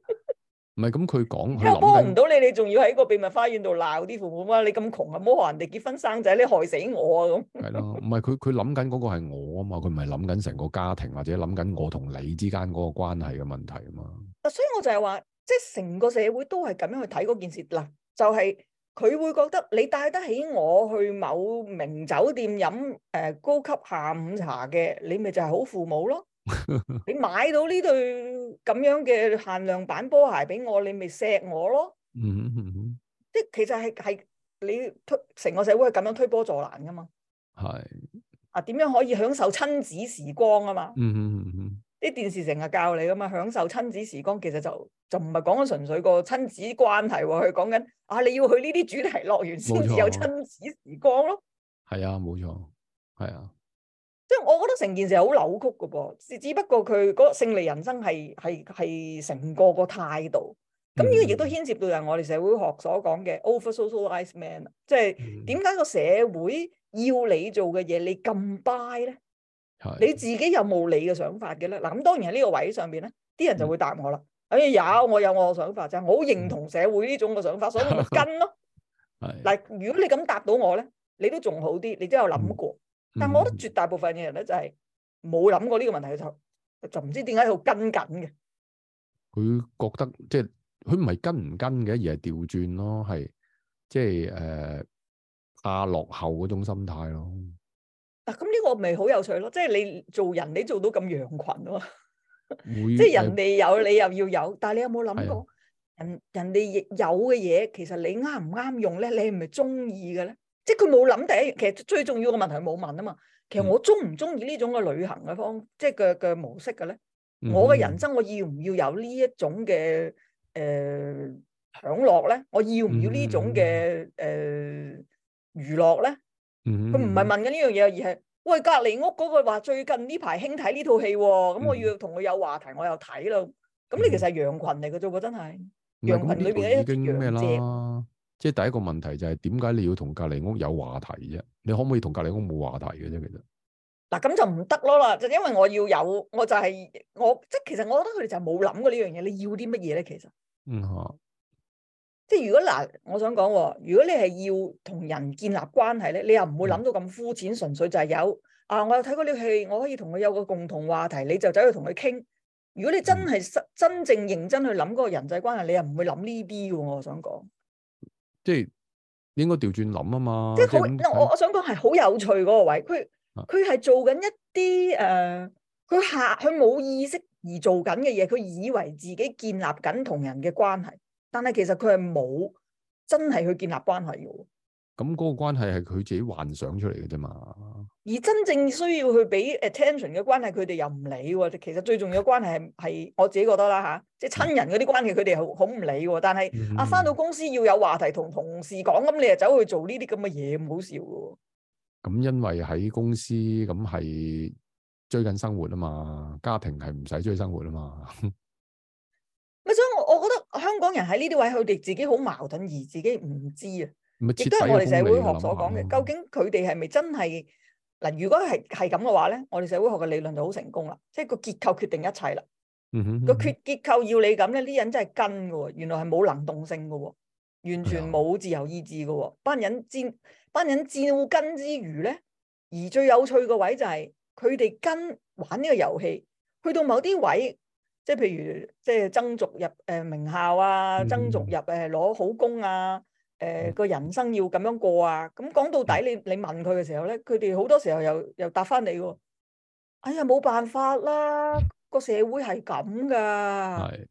唔係，咁佢講，佢諗，幫唔到你，你仲要喺個秘密花園度鬧啲父母啊？你咁窮，唔好話人哋結婚生仔，你害死我啊！咁係咯，唔係佢佢諗緊嗰個係我啊嘛，佢唔係諗緊成個家庭或者諗緊我同你之間嗰個關係嘅問題啊嘛。所以我就係話，即係成個社會都係咁樣去睇嗰件事。嗱，就係、是、佢會覺得你帶得起我去某名酒店飲誒、呃、高級下午茶嘅，你咪就係好父母咯。 你買到呢對咁樣嘅限量版波鞋俾我，你咪錫我咯。嗯嗯嗯嗯，即係 其實係係你推成個社會係咁樣推波助瀾噶嘛。係 啊，點樣可以享受親子時光啊，嘛，嗯嗯嗯嗯，啲 電視成日教你噶嘛，享受親子時光其實就就唔係講緊純粹個親子關係，啊，佢講緊啊你要去呢啲主題樂園先至有親子時光咯。係啊，冇 錯，係啊。即係，我覺得成件事係好扭曲㗎噃。只不過佢嗰個勝利人生係係係成個個態度。咁呢個亦都牽涉到就係我哋社會學所講嘅 over socialized man，即係點解個社會要你做嘅嘢，你咁 buy 咧？你自己有冇你嘅想法嘅咧？嗱，咁當然喺呢個位上邊咧，啲人就會答我啦。誒有，我有我嘅想法就係，我好認同社會呢種嘅想法，所以咪跟咯。嗱，如果你咁答到我咧，你都仲好啲，你都有諗過。但係，我覺得絕大部分嘅人咧，就係冇諗過呢個問題，就就唔知點解喺度跟緊嘅。佢覺得即係佢唔係跟唔跟嘅，而係調轉咯，係即係誒啊落後嗰種心態咯。嗱，咁呢個咪好有趣咯！即係你做人，你做到咁羊羣喎，即係人哋有，你又要有。但係你有冇諗過，人人哋亦有嘅嘢，其實你啱唔啱用咧？你係咪中意嘅咧？即係佢冇諗第一，其實最重要嘅問題係冇問啊嘛。其實我鍾唔鍾意呢種嘅旅行嘅方式，嗯、即係嘅嘅模式嘅咧？嗯、我嘅人生我要唔要有呢一種嘅誒、呃、享樂咧？我要唔要呢種嘅誒、嗯呃、娛樂咧？佢唔係問緊呢樣嘢，而係喂隔籬屋嗰個話最近呢排興睇呢套戲，咁我要同佢有話題，我又睇咯。咁你其實係羊群嚟嘅啫喎，真係羊群裏邊嘅一隻羊咩啦？即係第一個問題就係點解你要同隔籬屋有話題啫？你可唔可以同隔籬屋冇話題嘅啫？其實嗱，咁就唔得咯啦，就因為我要有，我就係我即係其實我覺得佢哋就係冇諗過呢樣嘢。你要啲乜嘢咧？其實嗯哼，即係如果嗱，我想講，如果你係要同人建立關係咧，你又唔會諗到咁膚淺，純粹就係有啊，我有睇過呢個戲，我可以同佢有個共同話題，你就走去同佢傾。如果你真係真真正認真去諗嗰個人際關係，你又唔會諗呢啲嘅。我想講。即係應該調轉諗啊嘛！即係好，我嗱我想講係好有趣嗰個位，佢佢係做緊一啲誒，佢、呃、下佢冇意識而做緊嘅嘢，佢以為自己建立緊同人嘅關係，但係其實佢係冇真係去建立關係嘅。咁嗰個關係係佢自己幻想出嚟嘅啫嘛。而真正需要去俾 attention 嘅關係，佢哋又唔理。其實最重要嘅關係係我自己覺得啦吓、啊，即係親人嗰啲關係，佢哋好好唔理。但係啊，翻到公司要有話題同同事講，咁你又走去做呢啲咁嘅嘢，唔好笑嘅。咁、嗯、因為喺公司咁係追緊生活啊嘛，家庭係唔使追生活啊嘛。咪 所以我我覺得香港人喺呢啲位，佢哋自己好矛盾，而自己唔知啊。亦都係我哋社會學所講嘅，究竟佢哋係咪真係？嗱，如果係係咁嘅話咧，我哋社會學嘅理論就好成功啦。即係個結構決定一切啦。個結、嗯嗯、結構要你咁咧，啲人真係跟㗎喎，原來係冇能動性㗎喎，完全冇自由意志㗎喎、嗯哼。班人佔班人照跟之餘咧，而最有趣嘅位就係佢哋跟玩呢個遊戲，去到某啲位，即係譬如即係爭逐入誒、呃、名校啊，爭逐、嗯、入誒攞、呃、好工啊。誒個人生要咁樣過啊！咁講到底，你你問佢嘅時候咧，佢哋好多時候又又答翻你喎。哎呀，冇辦法啦，個社會係咁噶。係。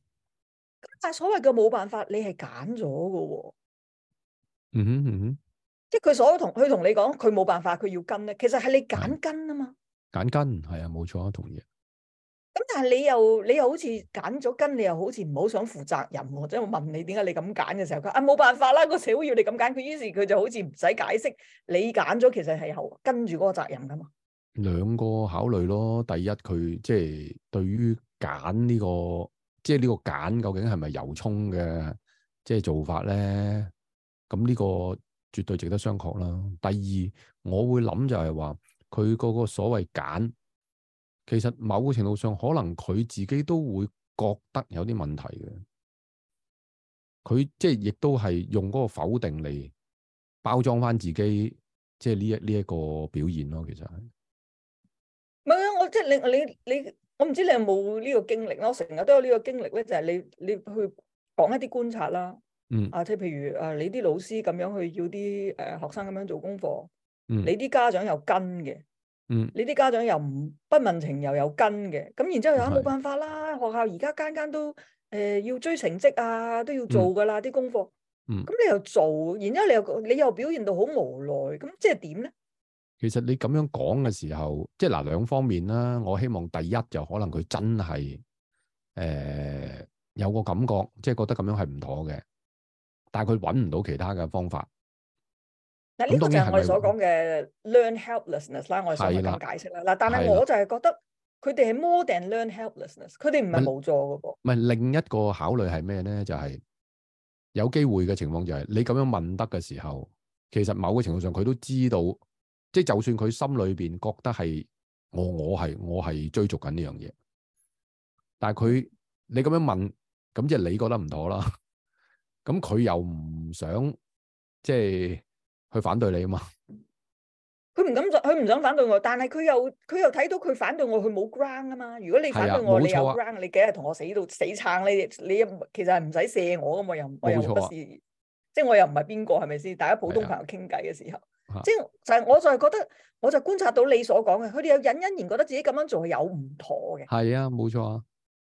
但係所謂嘅冇辦法，你係揀咗嘅喎。嗯嗯。即係佢所有同佢同你講，佢冇辦法，佢要跟咧。其實係你揀跟啊嘛。揀跟係啊，冇錯，同意。咁但係你又你又好似揀咗跟，你又好似唔好想負責任喎。或者我問你點解你咁揀嘅時候，佢啊冇辦法啦，個社會要你咁揀。佢於是佢就好似唔使解釋你，你揀咗其實係有跟住嗰個責任噶嘛。兩個考慮咯，第一，佢即係對於揀呢個，即係呢個揀究竟係咪由衷嘅即係做法咧？咁呢個絕對值得商榷啦。第二，我會諗就係話佢嗰個所謂揀。其實某個程度上，可能佢自己都會覺得有啲問題嘅。佢即係亦都係用嗰個否定嚟包裝翻自己，即係呢一呢一個表現咯。其實係，唔係啊？我即係你你你，我唔知你有冇呢個經歷咯。成日都有呢個經歷咧，就係、是、你你去講一啲觀察啦。嗯，啊，即係譬如啊，你啲老師咁樣去要啲誒學生咁樣做功課，嗯，你啲家長又跟嘅。嗯，你啲家長又唔不，不問情又有跟嘅，咁然之後又冇辦法啦。是學校而家間間都誒、呃、要追成績啊，都要做㗎喇啲功課。嗯，咁、嗯、你又做，然之後你又你又表現到好無奈，咁即係點咧？其實你咁樣講嘅時候，即係嗱兩方面啦。我希望第一就可能佢真係誒、呃、有個感覺，即、就、係、是、覺得咁樣係唔妥嘅，但係佢揾唔到其他嘅方法。嗱，呢個就係我哋所講嘅 learn helplessness 啦，我哋想咁解釋啦。嗱，但係我就係覺得佢哋係 more than learn helplessness，佢哋唔係無助嗰個。唔係另一個考慮係咩咧？就係有機會嘅情況就係你咁樣問得嘅時候，其實某個程度上佢都知道，即係就算佢心裏邊覺得係我我係我係追逐緊呢樣嘢，但係佢你咁樣問，咁即係你覺得唔妥啦。咁佢又唔想即係。佢反對你啊嘛！佢唔敢，佢唔想反對我，但係佢又佢又睇到佢反對我，佢冇 ground 啊嘛！如果你反對我，啊啊，你有 ground，你幾日同我死到死撐你。你其實係唔使謝我噶嘛，我又，啊、我又不是，即係我又唔係邊個，係咪先？大家普通朋友傾偈嘅時候，啊、即係就係我就係覺得，我就觀察到你所講嘅，佢哋有隱隱然覺得自己咁樣做係有唔妥嘅。係啊，冇錯啊！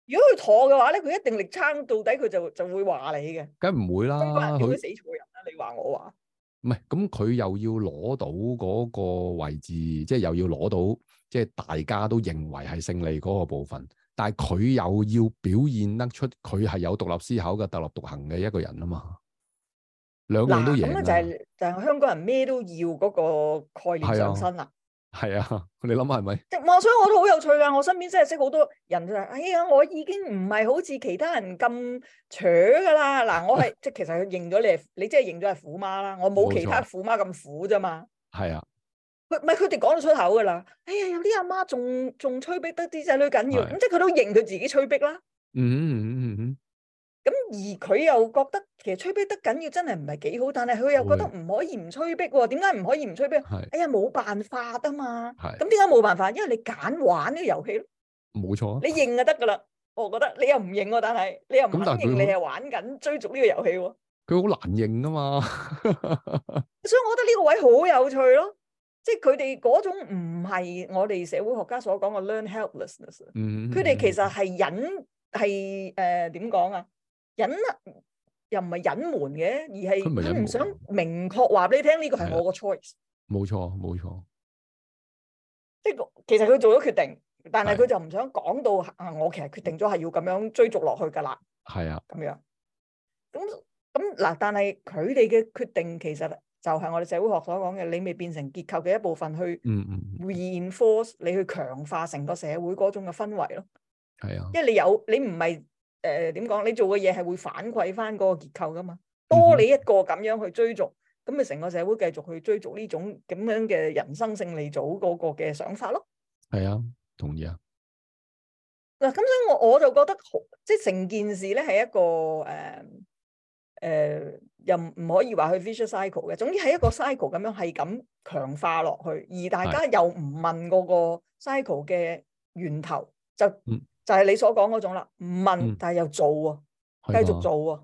如果佢妥嘅話咧，佢一定力撐到底，佢就就會話你嘅。梗唔會啦，做啲死錯人啦！你話我話。唔係，咁佢又要攞到嗰個位置，即係又要攞到，即係大家都認為係勝利嗰個部分。但係佢又要表現得出，佢係有獨立思考嘅、獨立獨行嘅一個人啊嘛。兩個都贏。咁啊就係，但係香港人咩都要嗰個概念上身啦。係啊，你諗下係咪？寂寞，所以我都好有趣噶，我身邊真係識好多人就，哎呀，我已經唔係好似其他人咁扯噶啦。嗱，我係即係其實佢認咗你，你即係認咗係虎媽啦。我冇 其，其他虎媽咁苦啫嘛。係 啊，佢唔係佢哋講到出口噶啦。哎呀，有啲阿媽仲仲催逼得啲仔女緊要，咁、啊、即係佢都認佢自己催逼啦。嗯嗯嗯嗯。嗯嗯嗯咁而佢又覺得其實催逼得緊要，真係唔係幾好。但係佢又覺得唔可以唔催逼喎。點解唔可以唔催逼？是哎呀，冇辦法啊嘛。咁點解冇辦法？因為你揀玩呢個遊戲咯。冇錯、啊。你認就得㗎啦。我覺得你又唔認，但係你又唔肯認，他你係玩緊追逐呢個遊戲喎。佢好難認㗎嘛。 所以我覺得呢個位好有趣咯。即係佢哋嗰種唔係我哋社會學家所講嘅 learn helplessness。佢哋、嗯、其實係忍係誒點講啊？忍又隱又唔係隱瞞嘅，而係佢唔想明確話俾你聽，呢個係我個 choice。冇錯，冇錯。即係其實佢做咗決定，但係佢就唔想講到的、啊、我其實決定咗係要咁樣追逐落去噶啦。係啊的，咁樣。咁咁嗱，但係佢哋嘅決定其實就係我哋社會學所講嘅，你未變成結構嘅一部分去，reinforce 你去強化成個社會嗰種嘅氛圍咯。係啊的，因為你有你唔係。誒，點講？你做嘅嘢係會反饋翻嗰個結構噶嘛？多你一個咁樣去追逐，咁咪，成個社會繼續去追逐呢種咁樣嘅人生勝利組嗰個嘅想法咯。係啊，同意啊。嗱，咁所以我我就覺得好，即係成件事咧係一個誒誒，又唔可以話去 vicious cycle 嘅，總之係一個 cycle 咁樣係咁強化落去，而大家又唔問嗰個 cycle 嘅源頭就。就係你所講嗰種啦，唔問但係又做喎，繼續做喎，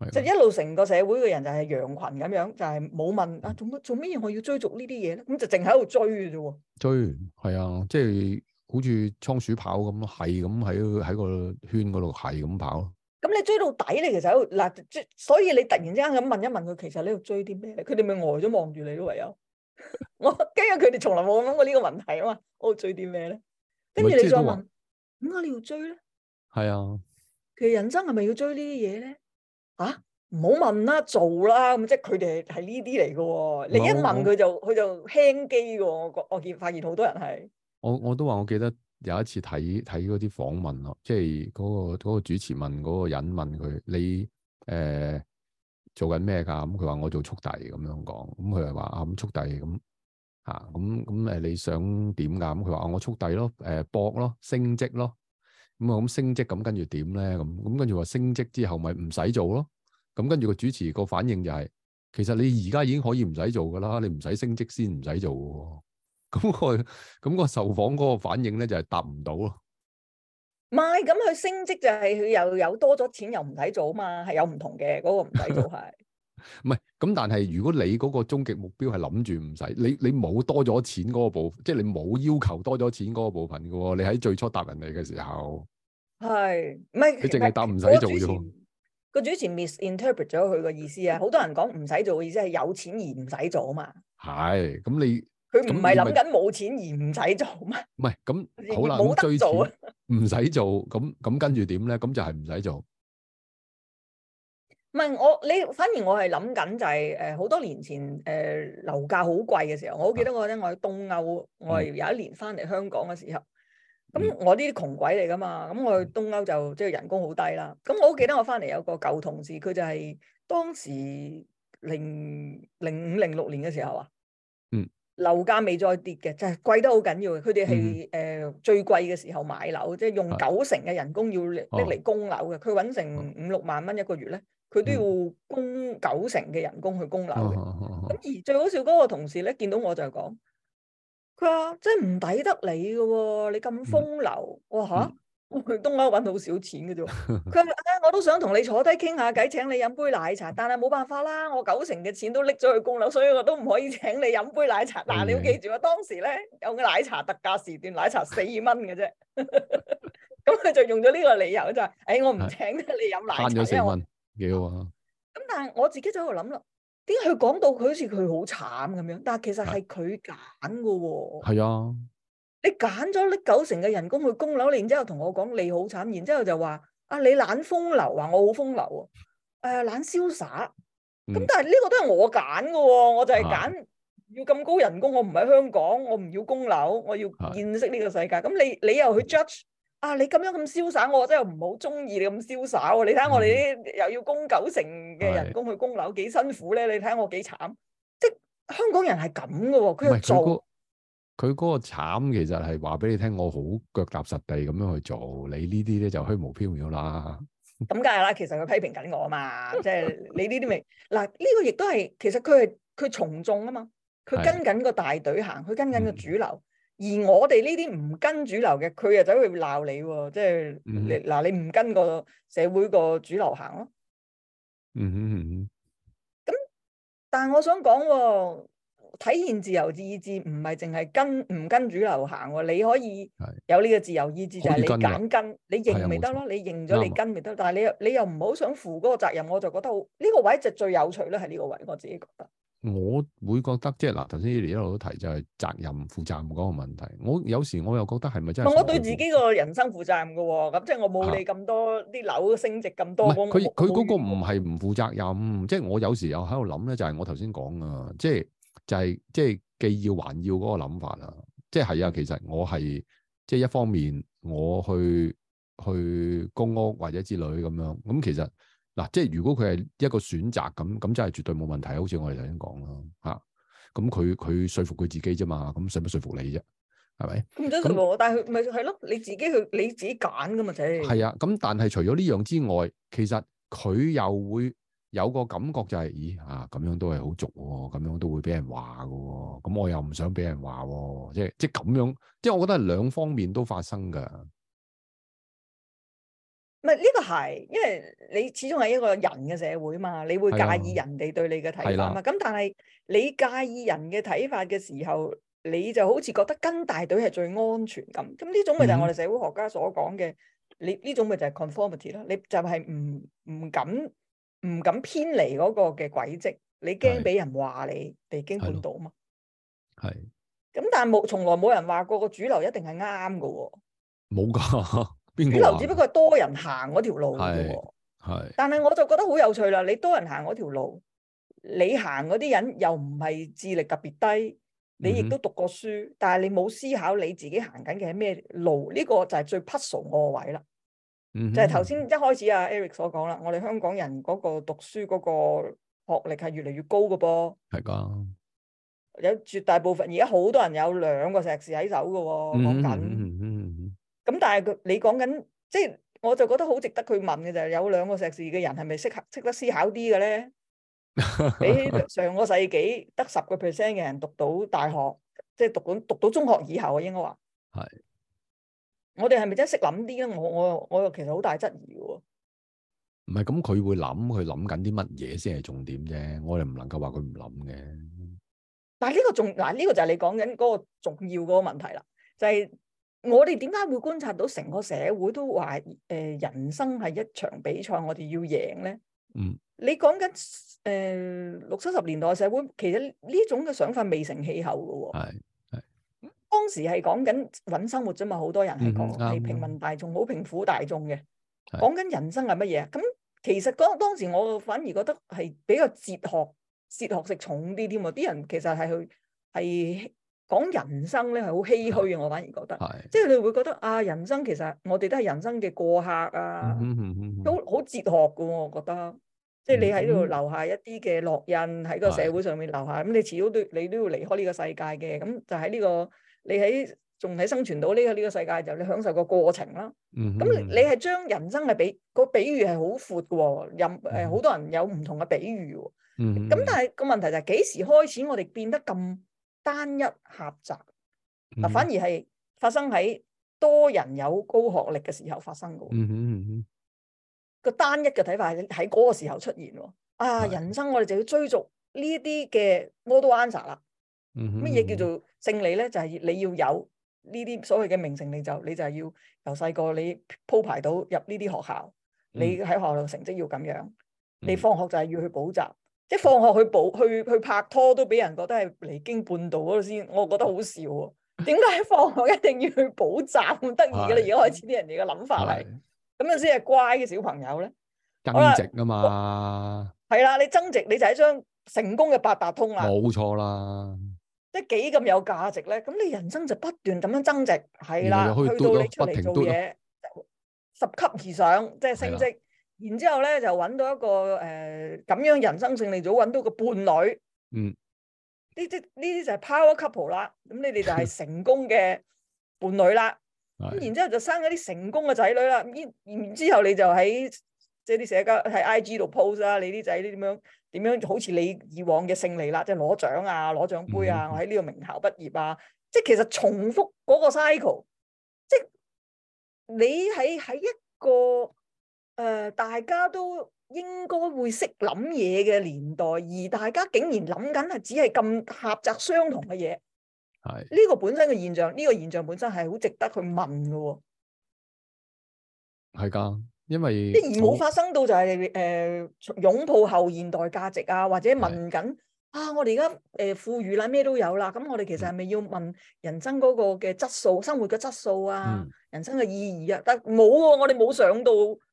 嗯、就一路成個社會嘅人就係羊群咁樣，就係、是、冇問啊，做乜做咩嘢？我要追逐呢啲嘢咧，咁就淨喺度追嘅啫喎。追係啊，即係好似倉鼠跑咁咯，係咁喺喺個圈嗰度係咁跑咯。咁你追到底，你其實喺度嗱，所以你突然之間咁問一問佢，其實你喺度追啲咩？佢哋咪呆咗望住你都唯有。 我驚日佢哋從來冇諗過呢個問題啊嘛，我追啲咩咧？跟住你再問。點解你要追咧？係啊，其實人生係咪要追呢啲嘢咧？啊，唔好問啦，做啦咁、嗯，即係佢哋係呢啲嚟嘅。冇你一問佢就佢就輕機嘅。我覺我見發現好多人係。我我都話，我記得有一次睇睇嗰啲訪問咯，即係嗰、嗰個、嗰個主持問嗰個人問佢，你誒、呃、做緊咩噶？咁佢話我做速遞咁樣講。咁佢係話啊，咁、嗯、速遞咁。嗯啊，咁咁誒，你想點噶？咁佢話啊，我速遞咯，誒，博咯，升職咯，咁啊，咁升職咁跟住點咧？咁咁跟住話升職之後咪唔使做咯？咁跟住個主持個反應就係，其實你而家已經可以唔使做噶啦，你唔使升職先唔使做嘅。咁個咁個受訪嗰個反應咧就係答唔到咯。賣咁佢升職就係佢又有多咗錢又唔使做嘛，係有唔同嘅，嗰個唔使做係。唔係，咁但係如果你嗰個終極目標係諗住唔使，你你冇多咗錢嗰個部分，即係你冇要求多咗錢嗰個部分嘅喎。你喺最初答人哋嘅時候，係唔係？佢淨係答唔使做啫。個主持 misinterpret 咗佢個意思啊！好多人講唔使做嘅意思係有錢而唔使做啊嘛。係，咁你佢唔係諗緊冇錢而唔使做嗎？唔係，咁好難追做啊！唔使做，咁咁跟住點咧？咁就係唔使做。唔係我你反而我係諗緊就係誒好多年前誒樓價好貴嘅時候，我好記得我咧，我喺東歐，嗯、我係有一年翻嚟香港嘅時候。咁、嗯、我呢啲窮鬼嚟噶嘛。咁我去東歐就即係、就是、人工好低啦。咁我好記得我翻嚟有個舊同事，佢就係當時零零五零六年嘅時候啊。嗯。樓價未再跌嘅，就係、是、貴得好緊要。佢哋係誒最貴嘅時候買樓，即、就、係、是、用九成嘅人工要拎嚟供樓嘅。佢揾、嗯、成五六萬蚊一個月咧。佢都要供九成嘅人工去供樓咁、哦、而最好笑嗰個同事咧，見到我就係講，佢話，真係唔抵得你嘅喎，你咁風流，我話，吓，我去東歐揾到少錢嘅啫。佢話、 哎：，我都想同你坐低傾下偈，請你飲杯奶茶，但係冇辦法啦，我九成嘅錢都拎咗去供樓，所以我都唔可以請你飲杯奶茶。嗱、啊，Okay. 你要記住啊，當時咧有個奶茶特價時段，奶茶四蚊嘅啫。咁 佢、嗯、就用咗呢個理由就係，誒、哎，我唔請你飲奶茶。 .幾咁、嗯、但係我自己就喺度諗啦，點解佢講到佢好似佢好慘咁樣？但係其實係佢揀噶喎。係啊，你揀咗呢九成嘅人工去供樓，你然之後同我講你好慘，然之後，後就話啊你懶風流，話我好風流啊，誒、呃、懶瀟灑。咁、嗯、但係呢個都係我揀噶、哦，我就係揀是要咁高人工，我唔喺香港，我唔要供樓，我要見識呢個世界。咁是你你又去 judge？啊！你咁樣咁瀟灑，我真係唔好中意你咁瀟灑。你睇下我哋啲又要供九成嘅人工去供樓，幾的辛苦咧？你睇下我幾慘。即係香港人係咁噶，佢做佢嗰、嗰個慘，個慘其實係話俾你聽，我好腳踏實地咁樣去做。你呢啲咧就虛無縹緲啦。咁梗係啦，其實佢批評緊我嘛，即、就、係、是、你呢啲咪嗱？呢、 這個亦都係其實佢係佢從眾啊嘛，佢跟緊個大隊行，佢的跟緊個主流。嗯。而我哋呢啲唔跟主流嘅，佢又走去鬧你喎，即、就、係、是、你嗱、mm hmm.，你唔跟個社會個主流行咯。嗯嗯嗯。咁、hmm.，但係我想講，體現自由意志唔係淨係跟唔跟主流行，你可以有呢個自由意志，對就係你揀跟，跟，跟，你認咪得咯，你認咗你跟咪得。但係你又你又唔好想負嗰個責任，我就覺得好呢、這個位就最有趣啦，係呢個位，我自己覺得。我會覺得即係嗱，頭先你一路都提就係、是、責任、負責任嗰個問題。我有時我又覺得係咪真係？我對自己個人生負責任噶，咁即係我冇你咁多啲樓、啊、升值咁多。佢佢嗰個唔係唔負責任，即係我有時又喺度諗咧，就係、是、我頭先講啊，即係就係即係既要還要嗰個諗法啊。即係係啊，其實我係即係一方面我去去公屋或者之類咁樣，咁、嗯、其實。嗱，即係如果佢係一個選擇，咁咁真係絕對冇問題，好似我哋頭先講咯嚇。咁佢佢說服佢自己啫嘛，咁說唔說服你啫？係咪？咁唔使佢，我帶佢咪係咯？你自己去，你自己揀噶嘛，啫、就是。係啊，咁但係除咗呢樣之外，其實佢又會有個感覺就係、是，咦啊咁樣都係好俗喎，咁樣都會俾人話㗎喎。咁我又唔想俾人話喎，即係即係咁樣，即係我覺得係兩方面都發生㗎。唔係呢個係，因為你始終係一個人嘅社會嘛，你會介意人哋對你嘅睇法嘛。咁的但係你介意人嘅睇法嘅時候，你就好似覺得跟大隊係最安全咁。咁呢種咪就係我哋社會學家所講嘅，嗯、你呢種咪就係 conformity 咯。你就係唔唔敢唔敢偏離嗰個嘅軌跡，你驚俾人話你，的你驚被判到嘛。係。咁但係冇從來冇人話過個主流一定係啱噶喎。冇噶。啲樓只不過係多人行嗰條路啫喎，但係我就覺得好有趣啦！你多人行嗰條路，你行嗰啲人又唔係智力特別低，你亦都讀過書，嗯、哼但係你冇思考你自己行緊嘅係咩路？呢、這個就係最 puzzle 我個位啦。嗯哼，就係頭先一開始啊，Eric 所講啦，我哋香港人嗰個讀書嗰個學歷係越嚟越高嘅噃。係噶的，有絕大部分而家好多人有兩個碩士喺手嘅喎，講緊、嗯哼。嗯。咁但係佢，你講緊，即係我就覺得好值得佢問嘅就係，有兩個碩士嘅人係咪適合，識得思考啲嘅咧？喺上個世紀得十個 percent 嘅人讀到大學，即係讀到讀到中學以後應該話係。我哋係咪真係識諗啲咧？我我又我又其實好大質疑嘅。唔係咁，佢會諗，佢諗緊啲乜嘢先係重點啫。我哋唔能夠話佢唔諗嘅但係呢個重嗱，呢個就係你講緊嗰個重要嗰個問題啦，就係。我哋點解會觀察到成個社會都話誒、呃、人生係一場比賽，我哋要贏咧？嗯，你講緊誒六七十年代嘅社會，其實呢種嘅想法未成氣候噶、哦。係係，當時係講緊搵生活啫嘛，好多人係講係平民大眾，好貧苦大眾嘅。講緊是人生係乜嘢？咁、嗯、其實當當時我反而覺得係比較哲學、哲學式重啲添。啲人其實係去係。講人生咧係好唏噓，的我反而覺得，的即係你會覺得啊，人生其實我哋都係人生嘅過客啊， 都好哲學噶，我覺得。 即係你喺度留下一啲嘅烙印喺個社會上面留下，咁的你遲早都你都要離開呢個世界嘅，咁就喺呢、這個你喺仲喺生存到呢個呢個世界就你享受個過、過程啦。咁 你係將人生嘅比、嗰個比喻係好闊嘅，任誒好多人有唔同嘅比喻。咁但係個問題就係、係、幾時開始我哋變得咁？單一狹窄，嗱、啊，反而係發生喺多人有高學歷嘅時候發生㗎。個、嗯嗯、單一嘅睇法係喺嗰個時候出現。啊，的人生我哋就要追逐呢啲嘅 model answer 啦。咩嘢、嗯嗯、叫做勝利咧？就係、是、你要有呢啲所謂嘅名成利就，你就你就係要由細個你鋪排到入呢啲學校，你喺學校度成績要咁樣，嗯嗯、你放學就係要去補習。即係放學去補去去拍拖都俾人覺得係離經叛道嗰度先，我覺得好笑喎、哦！點解放學一定要去補習咁得意嘅？你而家開始啲人哋嘅諗法係，咁 樣先係乖嘅小朋友咧，增值啊嘛！係啦，你增值你就係張成功嘅八達通啦，冇錯啦。即係幾咁有價值咧？咁你人生就不斷咁樣增值，係啦，去到你出嚟做嘢，拾級而上，即係升職。 然之後咧就揾到一個誒咁、呃、樣人生勝利組，揾到個伴侶，嗯，呢啲呢啲就係 power couple 啦。咁你哋就係成功嘅伴侶啦。咁 然之後就生咗啲成功嘅仔女啦。然之後你就喺即係啲社交喺 IG 度 pose 啦。你啲仔啲點樣點樣，好似你以往嘅勝利啦，即係攞獎啊，攞獎杯啊，我喺呢個名校畢業啊。即係、嗯嗯、其實重複嗰個 cycle，即係你喺喺一個。誒、呃，大家都應該會識諗嘢嘅年代，而大家竟然諗緊係只係咁狹窄相同嘅嘢，係呢的個本身嘅現象。呢、這個現象本身係好值得去問㗎喎、哦。係噶，因為即係冇發生到就係、是、誒、呃、擁抱後現代價值啊，或者問緊的啊，我哋而家誒富裕啦，咩都有啦，咁、嗯、我哋其實係咪要問人生嗰個嘅質素、生活嘅質素啊、嗯、人生嘅意義啊？但冇喎、啊，我哋冇、啊、想到。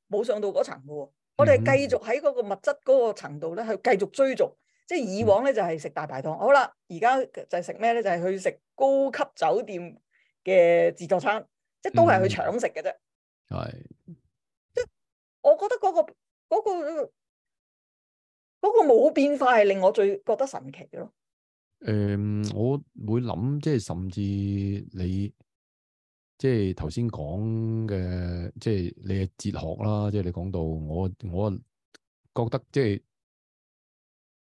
冇上到嗰層喎，我哋係繼續喺嗰個物質嗰個層度咧去繼續追逐，即係以往咧就係食大排檔，嗯、好啦，而家就係食咩咧？就係、是、去食高級酒店嘅自助餐，即係都係去搶食嘅啫。係、嗯，即係我覺得嗰、嗰個嗰冇、嗰個嗰個嗰個、變化係令我最覺得神奇嘅咯。誒、嗯，我會諗即係甚至你。即係頭先講嘅，即係你係哲學啦，即係你講到我，我覺得即係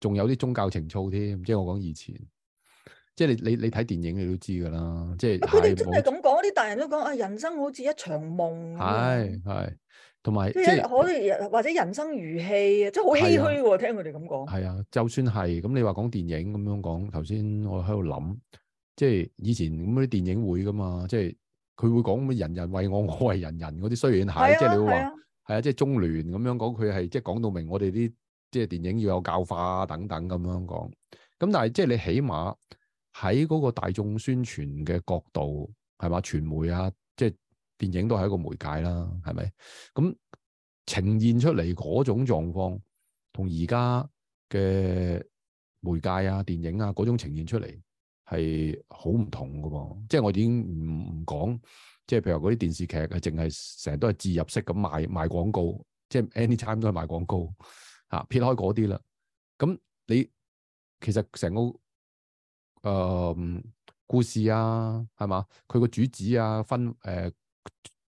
仲有啲宗教情操添，即係我講以前，即係你你你睇電影你都知噶啦，即係佢哋真係咁講，啲大人都講啊、哎，人生好似一場夢，係、係，同埋即係可能或者人生如戲，即係好唏噓嘅，的聽佢哋咁講，係啊，就算係咁，你話講電影咁樣講，頭先我喺度諗，即係以前咁嗰啲電影會噶嘛，即係。佢會講咩？人人為我，我為人人嗰啲，雖然係，即係你會話係啊，即係、啊、中聯咁樣講，佢係即係講到明我哋啲即係電影要有教化啊等等咁樣講。咁但係即係你起碼喺嗰個大眾宣傳嘅角度係嘛？傳媒啊，即係電影都係一個媒介啦，係咪？咁呈現出嚟嗰種狀況，同而家嘅媒介啊、電影啊嗰種呈現出嚟。係好唔同噶喎，即係我已經唔唔講，即係譬如話嗰啲電視劇係淨係成日都係置入式咁賣賣廣告，即係 anytime 都係賣廣告吓、啊，撇開嗰啲啦。咁你其實成個誒、呃、故事啊，係嘛，佢個主旨啊，分誒、呃、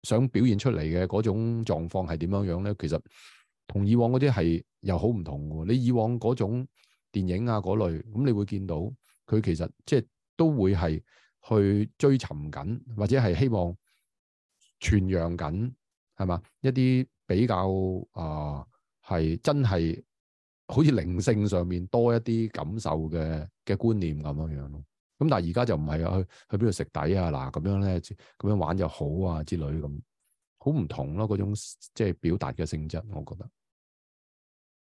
想表現出嚟嘅嗰種狀況係點樣樣咧？其實同以往嗰啲係又好唔同嘅。你以往嗰種電影啊嗰類，咁你會見到。佢其實即係都會係去追尋緊，或者係希望傳揚緊，係嘛？一啲比較啊，係、呃、真係好似靈性上面多一啲感受嘅嘅觀念咁樣樣咯。咁但係而家就唔係啊，去去邊度食底啊嗱咁樣咧，咁樣玩就好啊之類咁，好唔同咯、啊、嗰種即係表達嘅性質，我覺得。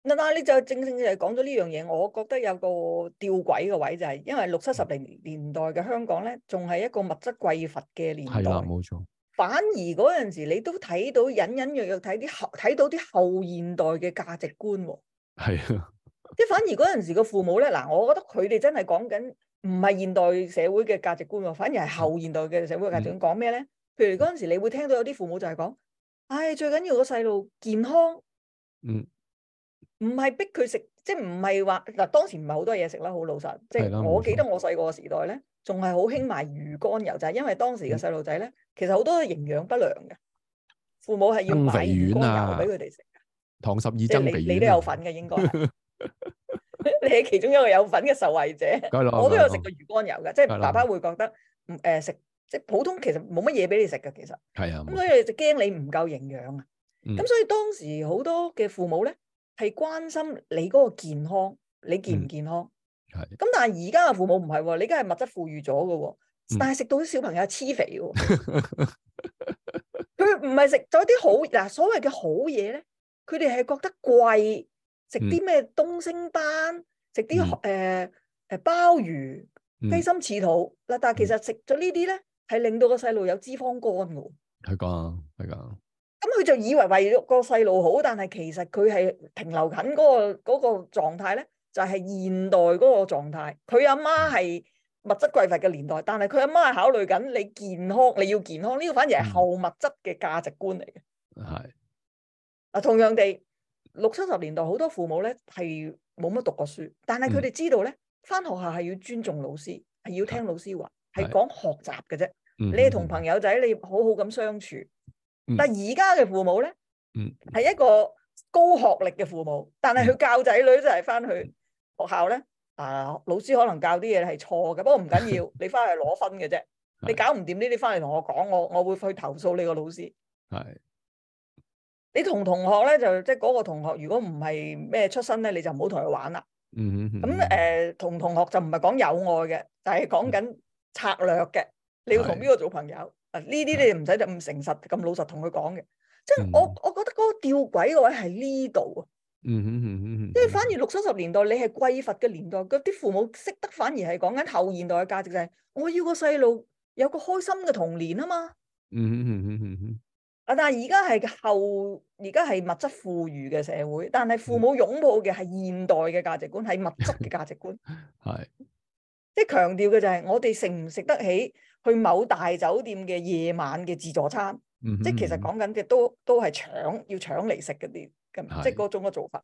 嗱嗱，你就正正就係講咗呢樣嘢，我覺得有個吊詭嘅位就係、是，因為六七十零年代嘅香港咧，仲係一個物質匱乏嘅年代，係啦，冇錯。反而嗰陣時，你都睇到隱隱約約睇啲後，睇到啲後現代嘅價值觀喎。係啊的，即係反而嗰陣時個父母咧，嗱，我覺得佢哋真係講緊唔係現代社會嘅價值觀喎，反而係後現代嘅社會價值觀。講咩咧？譬如嗰陣時，你會聽到有啲父母就係講：唉、哎，最緊要個細路健康。嗯。唔係逼佢食，即係唔係話嗱當時唔係好多嘢食啦，好老實。即係我記得我細個時代咧，仲係好興買魚肝油，就係因為當時嘅細路仔咧，其實好多係營養不良嘅，父母係要俾嗰個油俾佢哋食。糖十二增肥丸，你都有份嘅應該，你係其中一個有份嘅受惠者。我都有食過魚肝油嘅，即係爸爸會覺得唔誒食，即係普通其實冇乜嘢俾你食嘅其實。係啊，咁所以就驚你唔夠營養啊。咁所以當時好多嘅父母咧，係關心你嗰個健康，你健唔健康？係、嗯。咁但係而家嘅父母唔係喎，你而家係物質富裕咗嘅、哦，嗯、但係食到啲小朋友又黐肥、哦。佢唔係食咗啲好嗱，所謂嘅好嘢咧，佢哋係覺得貴，食啲咩東星斑，食啲誒誒鮑魚、雞心似、刺肚嗱，但係其實食咗呢啲咧，係令到個細路有脂肪肝噶。係噶、嗯，係噶。咁佢就以為為咗個細路好，但係其實佢係停留緊嗰、那個嗰、那個狀態咧，就係、是、現代嗰個狀態。佢阿媽係物質匱乏嘅年代，但係佢阿媽係考慮緊你健康，你要健康呢、這個反而係後物質嘅價值觀嚟嘅。係啊是，同樣地，六七十年代好多父母咧係冇乜讀過書，但係佢哋知道咧，返、嗯、學校係要尊重老師，係要聽老師話，係是講學習嘅啫。嗯、你同朋友仔，你好好咁相處。但係而家嘅父母咧，嗯，係一個高學歷嘅父母，但係佢教仔女就係翻去，嗯、學校咧，啊，老師可能教啲嘢係錯嘅，不過唔緊要， 你翻去攞分嘅啫。你搞唔掂呢啲，翻嚟同我講，我我會去投訴呢個老師。係是。你同同學咧，就即係嗰個同學，如果唔係咩出身咧，你就唔好同佢玩啦。咁誒、嗯嗯呃，同同學就唔係講友愛嘅，就係講緊策略嘅。你要同邊個做朋友？嗯嗯啊！呢啲你唔使咁誠實、咁老實同佢講嘅，即係我我覺得嗰個吊詭嘅位係呢度啊。嗯嗯嗯嗯即係反而六七十年代你係匱乏嘅年代，嗰啲父母識得反而係講緊後現代嘅價值，就係我要個細路有個開心嘅童年啊嘛。嗯嗯嗯嗯嗯。啊！但係而家係後，而家係物質富裕嘅社會，但係父母擁抱嘅係現代嘅價值觀，係物質嘅價值觀。係 係。即係強調嘅就係我哋食唔食得起。去某大酒店嘅夜晚嘅自助餐，嗯、哼即係其實講緊嘅都都係搶，要搶嚟食嗰啲，即係嗰種嘅做法，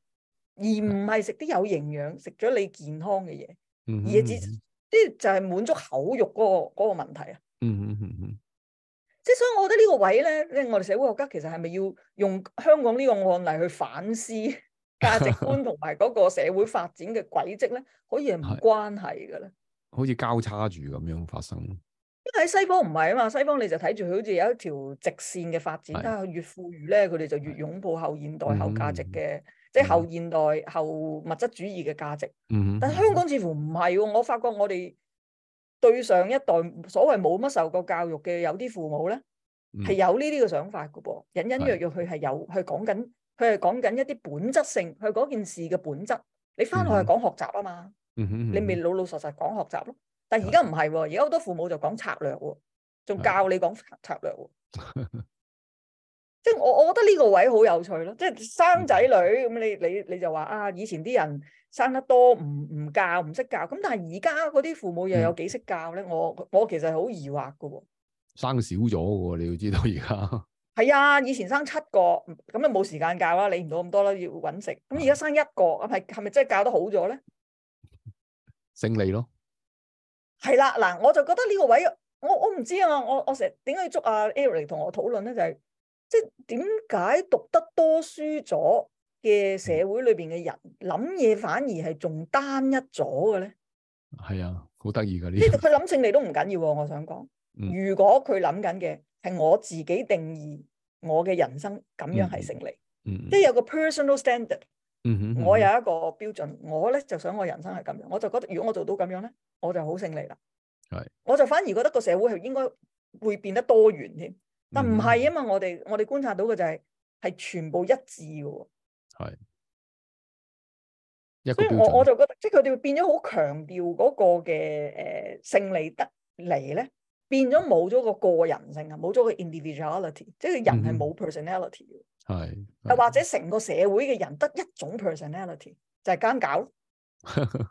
是而唔係食啲有營養、食咗你健康嘅嘢，嗯、哼而係即係就係、是、滿足口欲嗰、嗰個嗰、嗰個問題啊！即係、嗯嗯、所以，我覺得呢個位咧，咧我哋社會學家其實係咪要用香港呢個案例去反思價值觀同埋嗰個社會發展嘅軌跡咧， 可以係唔關係噶咧，好似交叉住咁樣發生。喺西方唔係啊嘛，西方你就睇住佢好似有一條直線嘅發展，是但係佢越富裕咧，佢哋就越擁抱後現代、嗯、後價值嘅，嗯、即係後現代、嗯、後物質主義嘅價值。嗯，但香港似乎唔係，我發覺我哋對上一代所謂冇乜受過教育嘅，有啲父母咧係、嗯、有呢啲嘅想法嘅噃，隱隱約約佢係有，佢講緊，佢係講緊一啲本質性，佢嗰件事嘅本質，你翻去係講學習啊嘛，你咪老老實實講學習咯。但而家唔係喎，而家好多父母就講策略喎，仲教你講策略喎。 即係我，我覺得呢個位好有趣咯。即係生仔女咁，你你你就話啊，以前啲人生得多唔唔教唔識教，咁但係而家嗰啲父母又有幾識教咧？嗯、我我其實好疑惑嘅喎。生少咗嘅喎，你要知道而家。係 啊，以前生七個咁就冇時間教啦，理唔到咁多啦，要搵食。咁而家生一個啊，係係咪真係教得好咗咧？勝利咯！係啦，嗱，我就覺得呢個位，我我唔知啊，我我成日點解要捉阿 Eric 同我討論咧？就係、是、即係點解讀得多書咗嘅社會裏邊嘅人諗嘢反而係仲單一咗嘅咧？係啊，好得意噶呢啲。佢諗勝利都唔緊要、啊，我想講，如果佢諗緊嘅係我自己定義我嘅人生咁樣係勝利，嗯嗯嗯、即係有個 personal standard。嗯哼，mm hmm, mm hmm. 我有一個標準，我咧就想我人生係咁樣，我就覺得如果我做到咁樣咧，我就好勝利啦。係是，我就反而覺得個社會係應該會變得多元添，但唔係啊嘛，mm hmm. 我哋我哋觀察到嘅就係、是、係全部一致嘅。係，一個標準，所以我我就覺得，即係佢哋會變咗好強調嗰個嘅誒、呃、勝利得嚟咧，變咗冇咗個個人性啊，冇咗個 individuality，即係人係冇 personality 係，又或者成個社會嘅人得一種 personality 就係奸狡。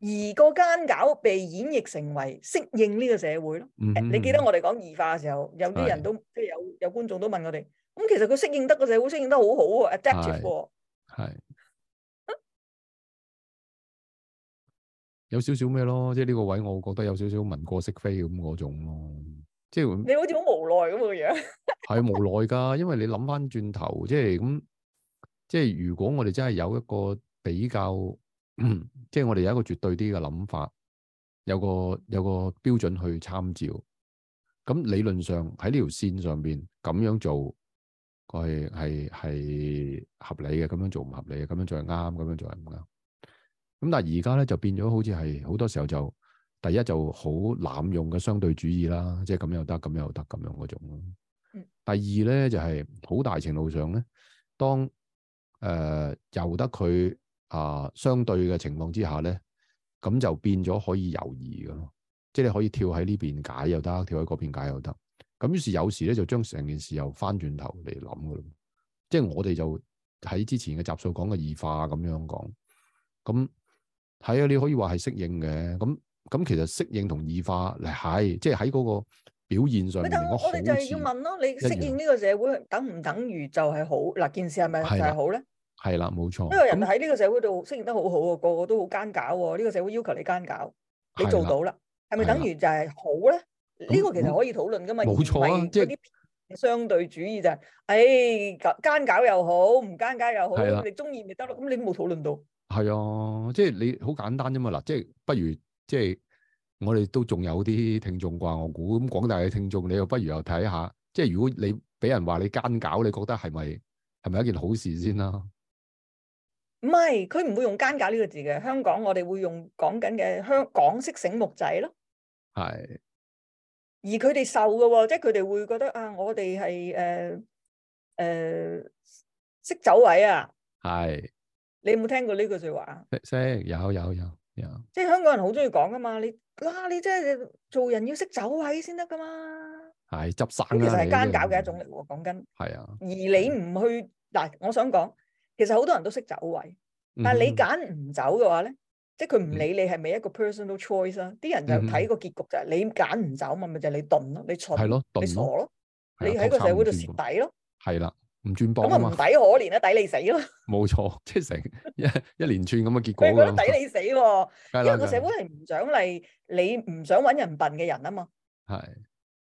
而個奸狡被演繹成為適應呢個社會咯， 哎。你記得我哋講異化嘅時候，有啲人都即係是有有觀眾都問我哋，咁、嗯、其實佢適、這個、適應得個社會，適應得好好 adaptive 係，嗯、有少少咩咯？即係呢個位，我會覺得有少少文過飾非咁嗰種咯。即係你好似好無奈咁嘅樣，係 無奈㗎。因為你諗翻轉頭，即係咁，即係如果我哋真係有一個比較，嗯、即係我哋有一個絕對啲嘅諗法，有個有個標準去參照。咁理論上喺呢條線上邊咁樣做，佢係係係合理嘅。咁樣做唔合理嘅，咁樣做係啱，咁樣做係唔啱。咁但係而家咧就變咗，好似係好多時候就～第一就好濫用嘅相對主義啦，即係咁又得，咁又得，咁樣嗰種咯。第二咧就係、是、好大程度上咧，當誒由、呃、得佢啊、呃、相對嘅情況之下咧，咁就變咗可以猶豫嘅咯。即係你可以跳喺呢邊解又得，跳喺嗰邊解又得。咁於是有時咧就將成件事又翻轉頭嚟諗嘅咯。即係我哋就喺之前嘅集數講嘅異化咁樣講，咁係啊，你可以話係適應嘅咁。咁其實適應同異化嚟係，即係喺嗰個表現上。但我哋就係要問咯，你適應呢個社會，等唔等於就係好？嗱，件事係咪就係好咧？係啦，冇錯。因為人喺呢個社會度適應得好好喎，個個都好奸狡喎，呢個社會要求你奸狡，你做到啦，係咪等於就係好咧？呢個其實可以討論噶嘛，冇錯啊，即係啲相對主義就係，唉，奸狡又好，唔奸狡又好，你中意咪得咯？咁你冇討論到。係啊，即係你好簡單啫嘛，嗱，即係不如。即係我哋都仲有啲聽眾啩，我估咁廣大嘅聽眾，你又不如又睇下。即係如果你俾人話你奸狡，你覺得係咪係咪一件好事先啦？唔係，佢唔會用奸狡呢個字嘅。香港我哋會用講緊嘅香港式醒目仔咯。係。而佢哋受噶，即係佢哋會覺得啊，我哋係誒誒識走位啊。係。你有冇聽過呢句說話啊？識識有有有。即係香港人好中意講噶嘛，你嗱，你即係做人要識走位先得噶嘛，係執生其實係奸狡嘅一種嚟喎，講緊係啊。而你唔去嗱，我想講，其實好多人都識走位，但係你揀唔走嘅話咧，即係佢唔理你係咪一個 personal choice 啊。啲人就睇個結局就係你揀唔走嘛，咪就係你鈍咯，你蠢係咯，你傻咯，你喺個社會度蝕底咯，係啦。唔轉波咁啊，唔抵可憐啦，抵你死咯！冇錯，即係成一一連串咁嘅結果。你覺得抵你死喎？因為個社會係唔獎勵你唔想揾人笨嘅人啊嘛。係，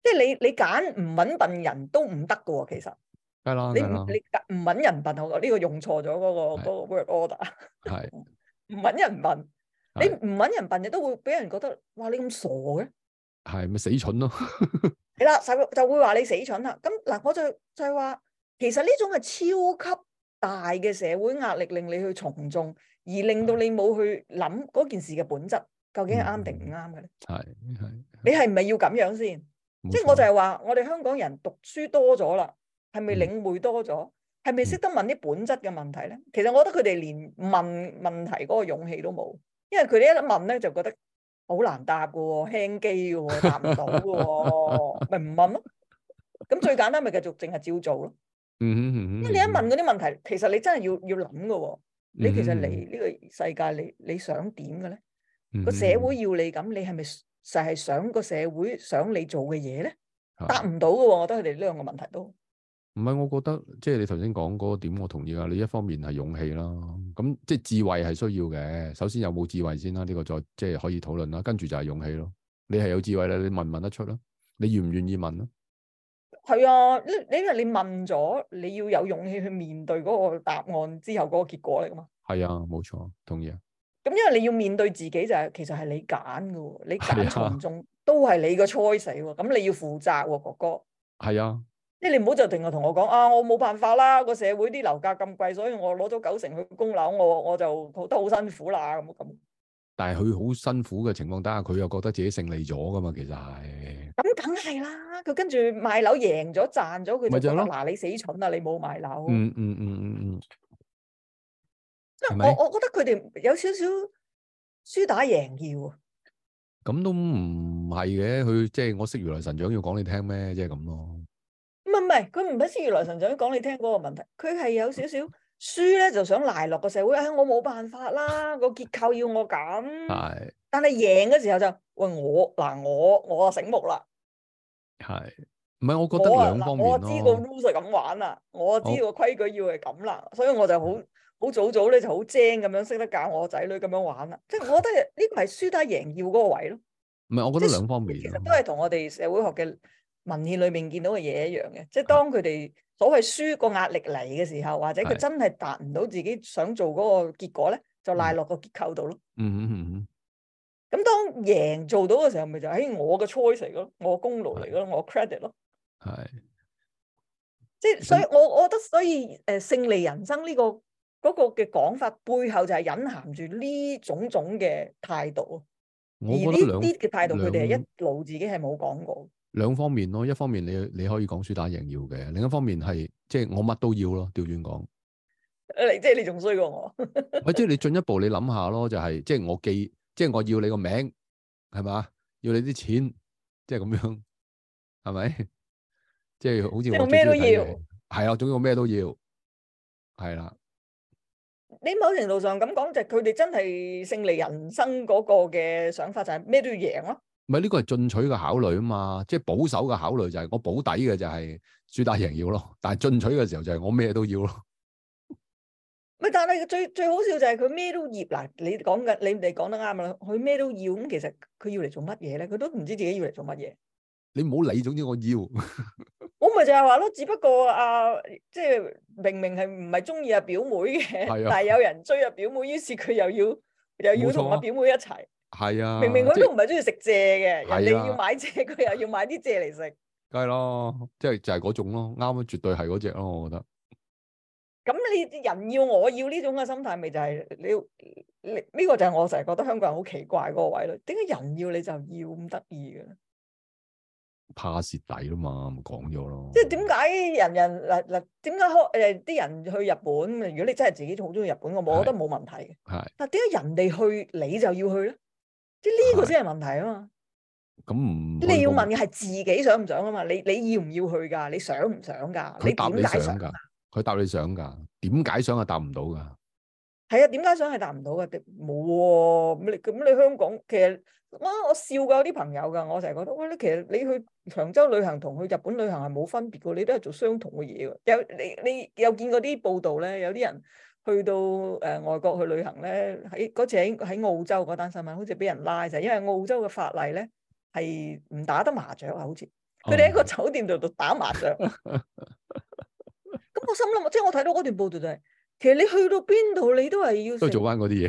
即係你你揀唔揾笨人都唔得噶喎。其實，梗係啦，你唔你唔揾人笨，我呢個用錯咗嗰個嗰個 word order。係唔揾人笨？你唔揾人笨，你都會俾人覺得哇，你咁傻嘅。係咪死蠢咯？係啦，就會就會話你死蠢啦。咁嗱，我就就係話。其實呢種係超級大嘅社會壓力，令你去從眾，而令到你冇去諗嗰件事嘅本質究竟係啱定唔啱嘅咧？係係、嗯，你係唔係要咁樣先？錯即係我就係話，我哋香港人讀書多咗啦，係咪領會多咗？係咪識得問啲本質嘅問題咧？其實我覺得佢哋連問問題嗰個勇氣都冇，因為佢哋一問咧就覺得好難答噶、哦，輕機噶、哦，答唔到噶，咪唔 問咯。咁最簡單咪繼續淨係照做咯。 嗯哼嗯哼嗯嗯，因為你一問嗰啲問題，其實你真係要要諗噶、哦，你其實嚟呢個世界，你你想點嘅咧？ 個社會要你咁，你係咪就係想個社會想你做嘅嘢咧？是的 答唔到噶，我覺得佢哋呢兩個問題都唔係，我覺得即係你頭先講嗰個點，我同意啊。你一方面係勇氣啦，咁即係智慧係需要嘅。首先有冇智慧先啦、啊，呢、這個再即係可以討論啦。跟住就係勇氣咯。你係有智慧咧，你問唔問得出啦？你願唔願意問啦？係啊，你你因為你問咗，你要有勇氣去面對嗰個答案之後嗰個結果嚟噶嘛？係啊，冇錯，同意啊。咁因為你要面對自己就係，其實係你揀噶，你揀從眾都係你個 choice 喎。咁你要負責喎、啊，哥哥。係啊，即係你唔好就淨係同我講啊，我冇辦法啦。個社會啲樓價咁貴，所以我攞咗九成去供樓，我我就好都好辛苦啦咁咁。但係佢好辛苦嘅情況底下，佢又覺得自己勝利咗噶嘛？其實係咁，梗係啦。佢跟住賣樓贏咗賺咗，佢就覺得嗱，你死蠢啊！你冇賣樓。嗯嗯嗯嗯嗯。即係我，我覺得佢哋有少少輸打贏要。咁都唔係嘅，佢即係我識如來神掌要講你聽咩？即係咁咯。唔係唔係，佢唔係識如來神掌，講你聽嗰個問題。佢係有少少。輸咧就想賴落個社會，哎，我冇辦法啦， 個結構要我咁。係的。但係贏嘅時候就喂我嗱我我啊醒目啦，係，唔係我覺得兩方面咯。我知道 rules 係咁玩啊，我知道個規矩要係咁啦，好所以我就好好早早咧就好精咁樣識得教我仔女咁樣玩啦。即係我覺得呢個係輸都係贏要嗰個位咯。唔係，我覺得兩方面。其實都係同我哋社會學嘅文獻裏面見到嘅嘢一樣嘅，即係當佢哋。所謂輸個壓力嚟嘅時候，或者佢真係達唔到自己想做嗰個結果咧，的就賴落個結構度咯。嗯嗯嗯嗯。咁、嗯嗯嗯、當贏做到嘅時候，咪就喺我嘅 choice 咯，我功勞嚟咯，的我 credit 咯。係的。即係，所以我我覺得，所以誒、呃，勝利人生呢、這個嗰、那個嘅講法背後就係隱含住呢種種嘅態度咯。而呢啲嘅態度，佢哋係一路自己係冇講過。兩方面咯，一方面你你可以講輸打贏要嘅，另一方面係即係我乜都要咯，調轉講，即係你仲衰過我。唔係，即係你進一步你諗下咯，就係即係我記即係我要你個名係咪，要你啲錢，即係咁樣係咪？即係好似我咩都要，係啊，總要咩都要，係啦。你某程度上咁講，就係佢哋真係勝利人生嗰個嘅想法就係咩都要贏咯。唔係呢個係進取嘅考慮啊嘛，即係保守嘅考慮就係、是、我保底嘅就係、是、輸打贏要咯，但係進取嘅時候就係我咩都要咯。咪但係最最好笑就係佢咩都要嗱，你講緊你哋講得啱啦，佢咩都要咁，其實佢要嚟做乜嘢咧？佢都唔知自己要嚟做乜嘢。你唔好理，總之我要。 我咪就係話咯，只不過阿、啊、即係明明係唔係中意阿表妹嘅，啊、但係有人追阿表妹，於是佢又要又要同阿、啊、表妹一齊。係啊，明明佢都唔係中意食蔗嘅，人哋要買蔗，佢又要買啲蔗嚟食，梗係咯，即係就係嗰種咯，啱啊，絕對係嗰隻咯，我覺得。咁你人要我要呢種嘅心態，咪就係你要你呢個就係我成日覺得香港人好奇怪嗰個位咯，點解人要你就要咁得意嘅咧？怕蝕底啊嘛，咪講咗咯。即係點解人人嗱嗱？點解開誒啲人去日本？如果你真係自己好中意日本，我我覺得冇問題嘅。係。但係點解人哋去你就要去咧？即係呢個先係問題啊嘛！咁唔，你要問嘅係自己想唔想啊嘛？你你要唔要去㗎？你想唔想㗎？佢答你想㗎。佢答你想㗎，點解想係答唔到㗎？係啊，點解想係答唔到㗎？冇喎！咁你咁你香港其實，我我笑過，有啲朋友㗎，我成日覺得，喂，你其實你去長洲旅行同去日本旅行係冇分別㗎，你都係做相同嘅嘢㗎。有你你有見過啲報道咧，有啲人。去到誒、呃、外國去旅行咧，喺嗰次喺喺澳洲嗰單新聞，好似俾人拉曬，因為澳洲嘅法例咧係唔打得麻雀啊，好似佢哋喺個酒店度度打麻雀。咁 我心諗，即係我睇到嗰段報導就係、是，其實你去到邊度，你都係要都做返嗰啲嘢。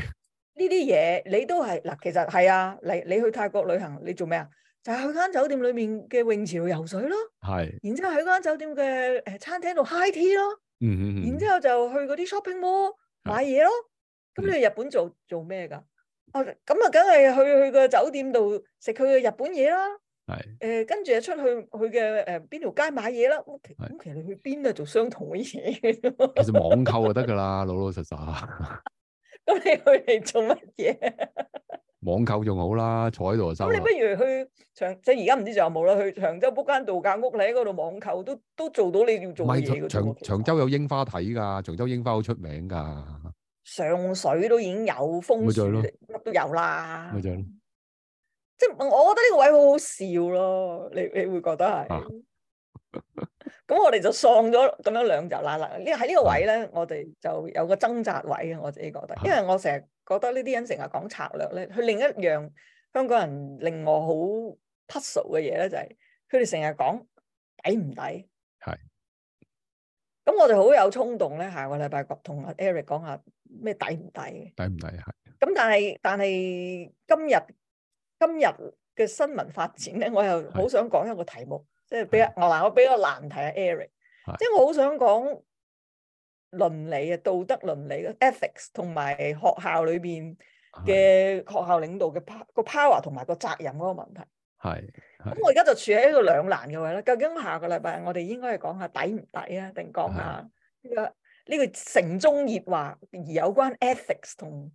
呢啲嘢你都係嗱，其實係啊，嚟你去泰國旅行，你做咩啊？就係、是、去間酒店裏面嘅泳池度游水咯，係是，然之後喺嗰間酒店嘅誒餐廳度 high tea 咯。嗯嗯，然之後就去嗰啲 shopping mall 買嘢咯。咁你的去日本做做咩噶？哦，咁啊，梗係去去個酒店度食佢嘅日本嘢啦。係誒的，跟住、呃、出去去嘅誒邊條街買嘢啦。咁其實你去邊度做相同嘅嘢？的其實網購就得噶啦， 老老實實。咁 你去嚟做乜嘢？ 網購仲好啦，坐喺度就收。咁你不如去長，即係而家唔知仲有冇啦？去長洲 book 間度假屋，你喺嗰度網購都都做到你要做嘢嘅。長長洲有櫻花睇㗎，長洲櫻花好出名㗎。上水都已經有風，乜都有啦。咪就係咯，即係我覺得呢個位好好笑咯，你你會覺得係。咁我哋就喪咗咁樣兩集，啦啦呢喺呢個位咧，我哋就有個掙扎位嘅，我自己覺得，因為我成日。覺得呢啲人成日講策略咧，佢另一樣香港人令我好 puzzle 嘅嘢咧，就係佢哋成日講抵唔抵？係。咁我就好有衝動咧，下個禮拜同阿 Eric 講下咩抵唔抵？抵唔抵係。咁但係但係今日今日嘅新聞發展咧，我又好想講一個題目，即係比較我嗱，我比較難題啊，Eric。即係我好想講。倫理啊，道德倫理嘅 ethics 同埋學校裏邊嘅學校領導嘅 power 同埋個責任嗰個問題。係，咁我而家就處喺一個兩難嘅位啦。究竟下個禮拜我哋應該係講下抵唔抵啊，定講下呢、呢個呢是個城中熱話而有關 ethics 同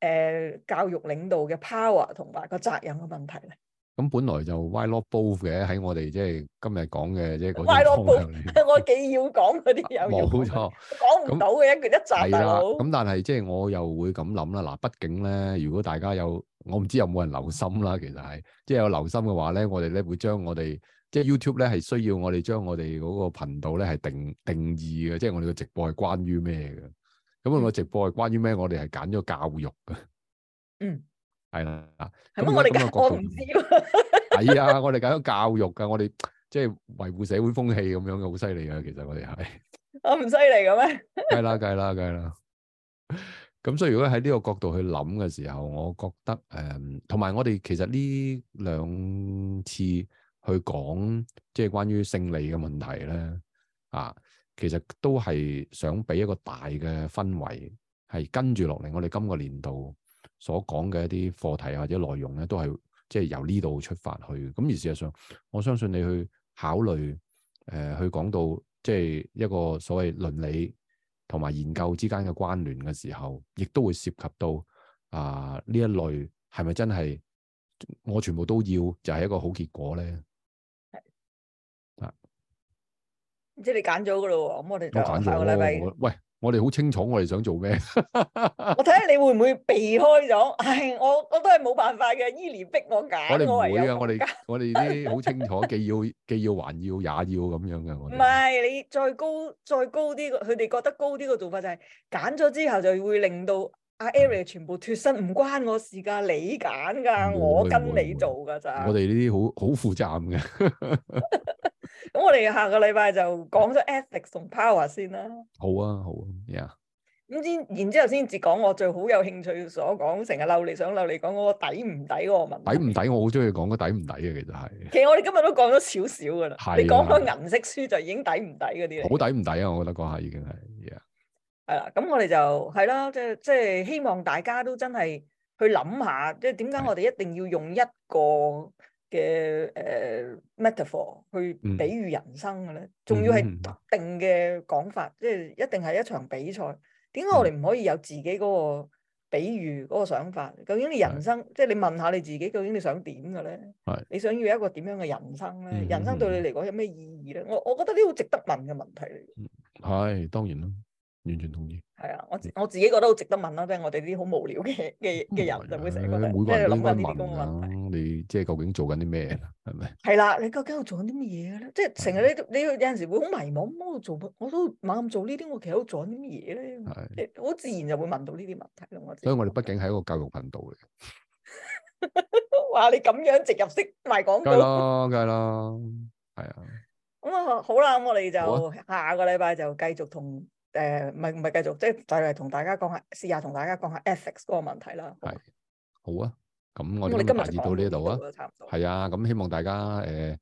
誒、呃、教育領導嘅 power 同埋個責任嘅問題咧？咁本來就快樂煲嘅，喺我哋即係今日講嘅即係嗰啲快樂煲，我幾要講嗰啲有冇錯？講唔到嘅一句一集大佬。咁但係即係我又會咁諗啦。嗱，畢竟咧，如果大家有，我唔知有冇人留心啦。其實係即係有留心嘅話咧，我哋咧會將我哋即係 YouTube 咧係需要我哋將我哋嗰個頻道咧係定定義嘅，即係我哋嘅直播係關於咩嘅。咁我直播係關於咩？我哋係揀咗教育嘅。嗯。係啦，咁我哋我唔知喎。係啊，我哋搞緊教育噶，我哋即係維護社會風氣咁樣嘅，好犀利啊。其實我哋係，我唔犀利咁咩？係啦，係啦，係啦。咁所以如果喺呢個角度去諗嘅時候，我覺得誒，同埋我哋其實呢兩次去講，即係關於勝利嘅問題咧，啊，其實都係想俾一個大嘅氛圍，係跟住落嚟，我哋今個年度。所講嘅一啲課題或者內容咧，都係即係由呢度出發去。咁而事實上，我相信你去考慮誒、呃，去講到即係一個所謂倫理同埋研究之間嘅關聯嘅時候，亦都會涉及到啊呢、呃、一類係咪真係我全部都要就係一個好結果咧？係是啊，即係你揀咗㗎咯喎，咁我哋都揀咗啦，喂。我哋好清楚我哋想做咩，我睇下你會唔會避開咗？唉，我我都係冇辦法嘅，伊蓮逼我揀，我哋唔會啊！我哋我哋呢啲好清楚，既要既要還要也要咁樣嘅。唔係你再高再高啲，佢哋覺得高啲嘅做法就係揀咗之後就會令到阿 Eric 全部脫身，唔關我事噶，你揀噶，我跟你做噶咋。我哋呢啲好好負責任嘅。咁我哋下個禮拜就講咗 ethics 同 power 先啦。好啊，好啊，yeah。咁先，然之後先至講我最好有興趣所講，成日嬲你，想嬲你。講嗰個抵唔抵嗰個問題。抵唔抵？我好中意講個抵唔抵嘅，其實係。其實我哋今日都講咗少少噶啦。的你講開銀色書就已經抵唔抵嗰啲。好抵唔抵啊？我覺得嗰下已經係，yeah。係啦，咁我哋就係啦，即係即係希望大家都真係去諗下，即係點解我哋一定要用一個。嘅誒、呃、metaphor 去比喻人生嘅咧，仲、嗯、要係特定嘅講法，嗯、即係一定係一場比賽。點解、嗯、我哋唔可以有自己嗰個比喻嗰、嗰個想法？究竟你人生，是即係你問下你自己，究竟你想點嘅咧？是你想要一個點樣嘅人生咧？嗯、人生對你嚟講有咩意義咧？我、嗯嗯、我覺得呢啲好值得問嘅問題嚟嘅。係當然啦。完全同意。係啊，我自我自己覺得好值得問啦，即係我哋啲好無聊嘅嘅嘅人就會成日問，即係諗翻呢啲咁嘅問題。你即係究竟做緊啲咩咧？係咪？係啦，你究竟我做緊啲乜嘢咧？即係成日你你有陣時會好迷茫，我做乜？我都猛咁做呢啲，我其實都做緊啲乜嘢咧？好自然就會問到呢啲問題咯。我所以，我哋畢竟係一個教育頻道嚟嘅。話你咁樣植入式賣廣告，梗係啦，梗係啦，係啊。咁啊好啦，咁我哋就下個禮拜就繼續同。誒，唔係唔係繼續，即係就係同大家講下，試下同大家講下 ethics 嗰個問題啦。係，好啊，咁我哋今日講到呢度啊，係啊，咁希望大家誒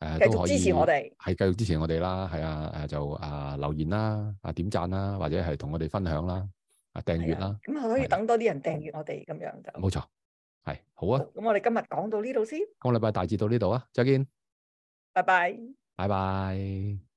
誒，繼續支持我哋，係繼續支持我哋啦，係啊，誒就啊留言啦，啊點讚啦，或者係同我哋分享啦，啊訂閱啦，咁可以等多啲人訂閱我哋，咁樣就冇錯，係好啊，咁我哋今日講到呢度先，我禮拜大致到呢度啊，再見，拜拜，拜拜。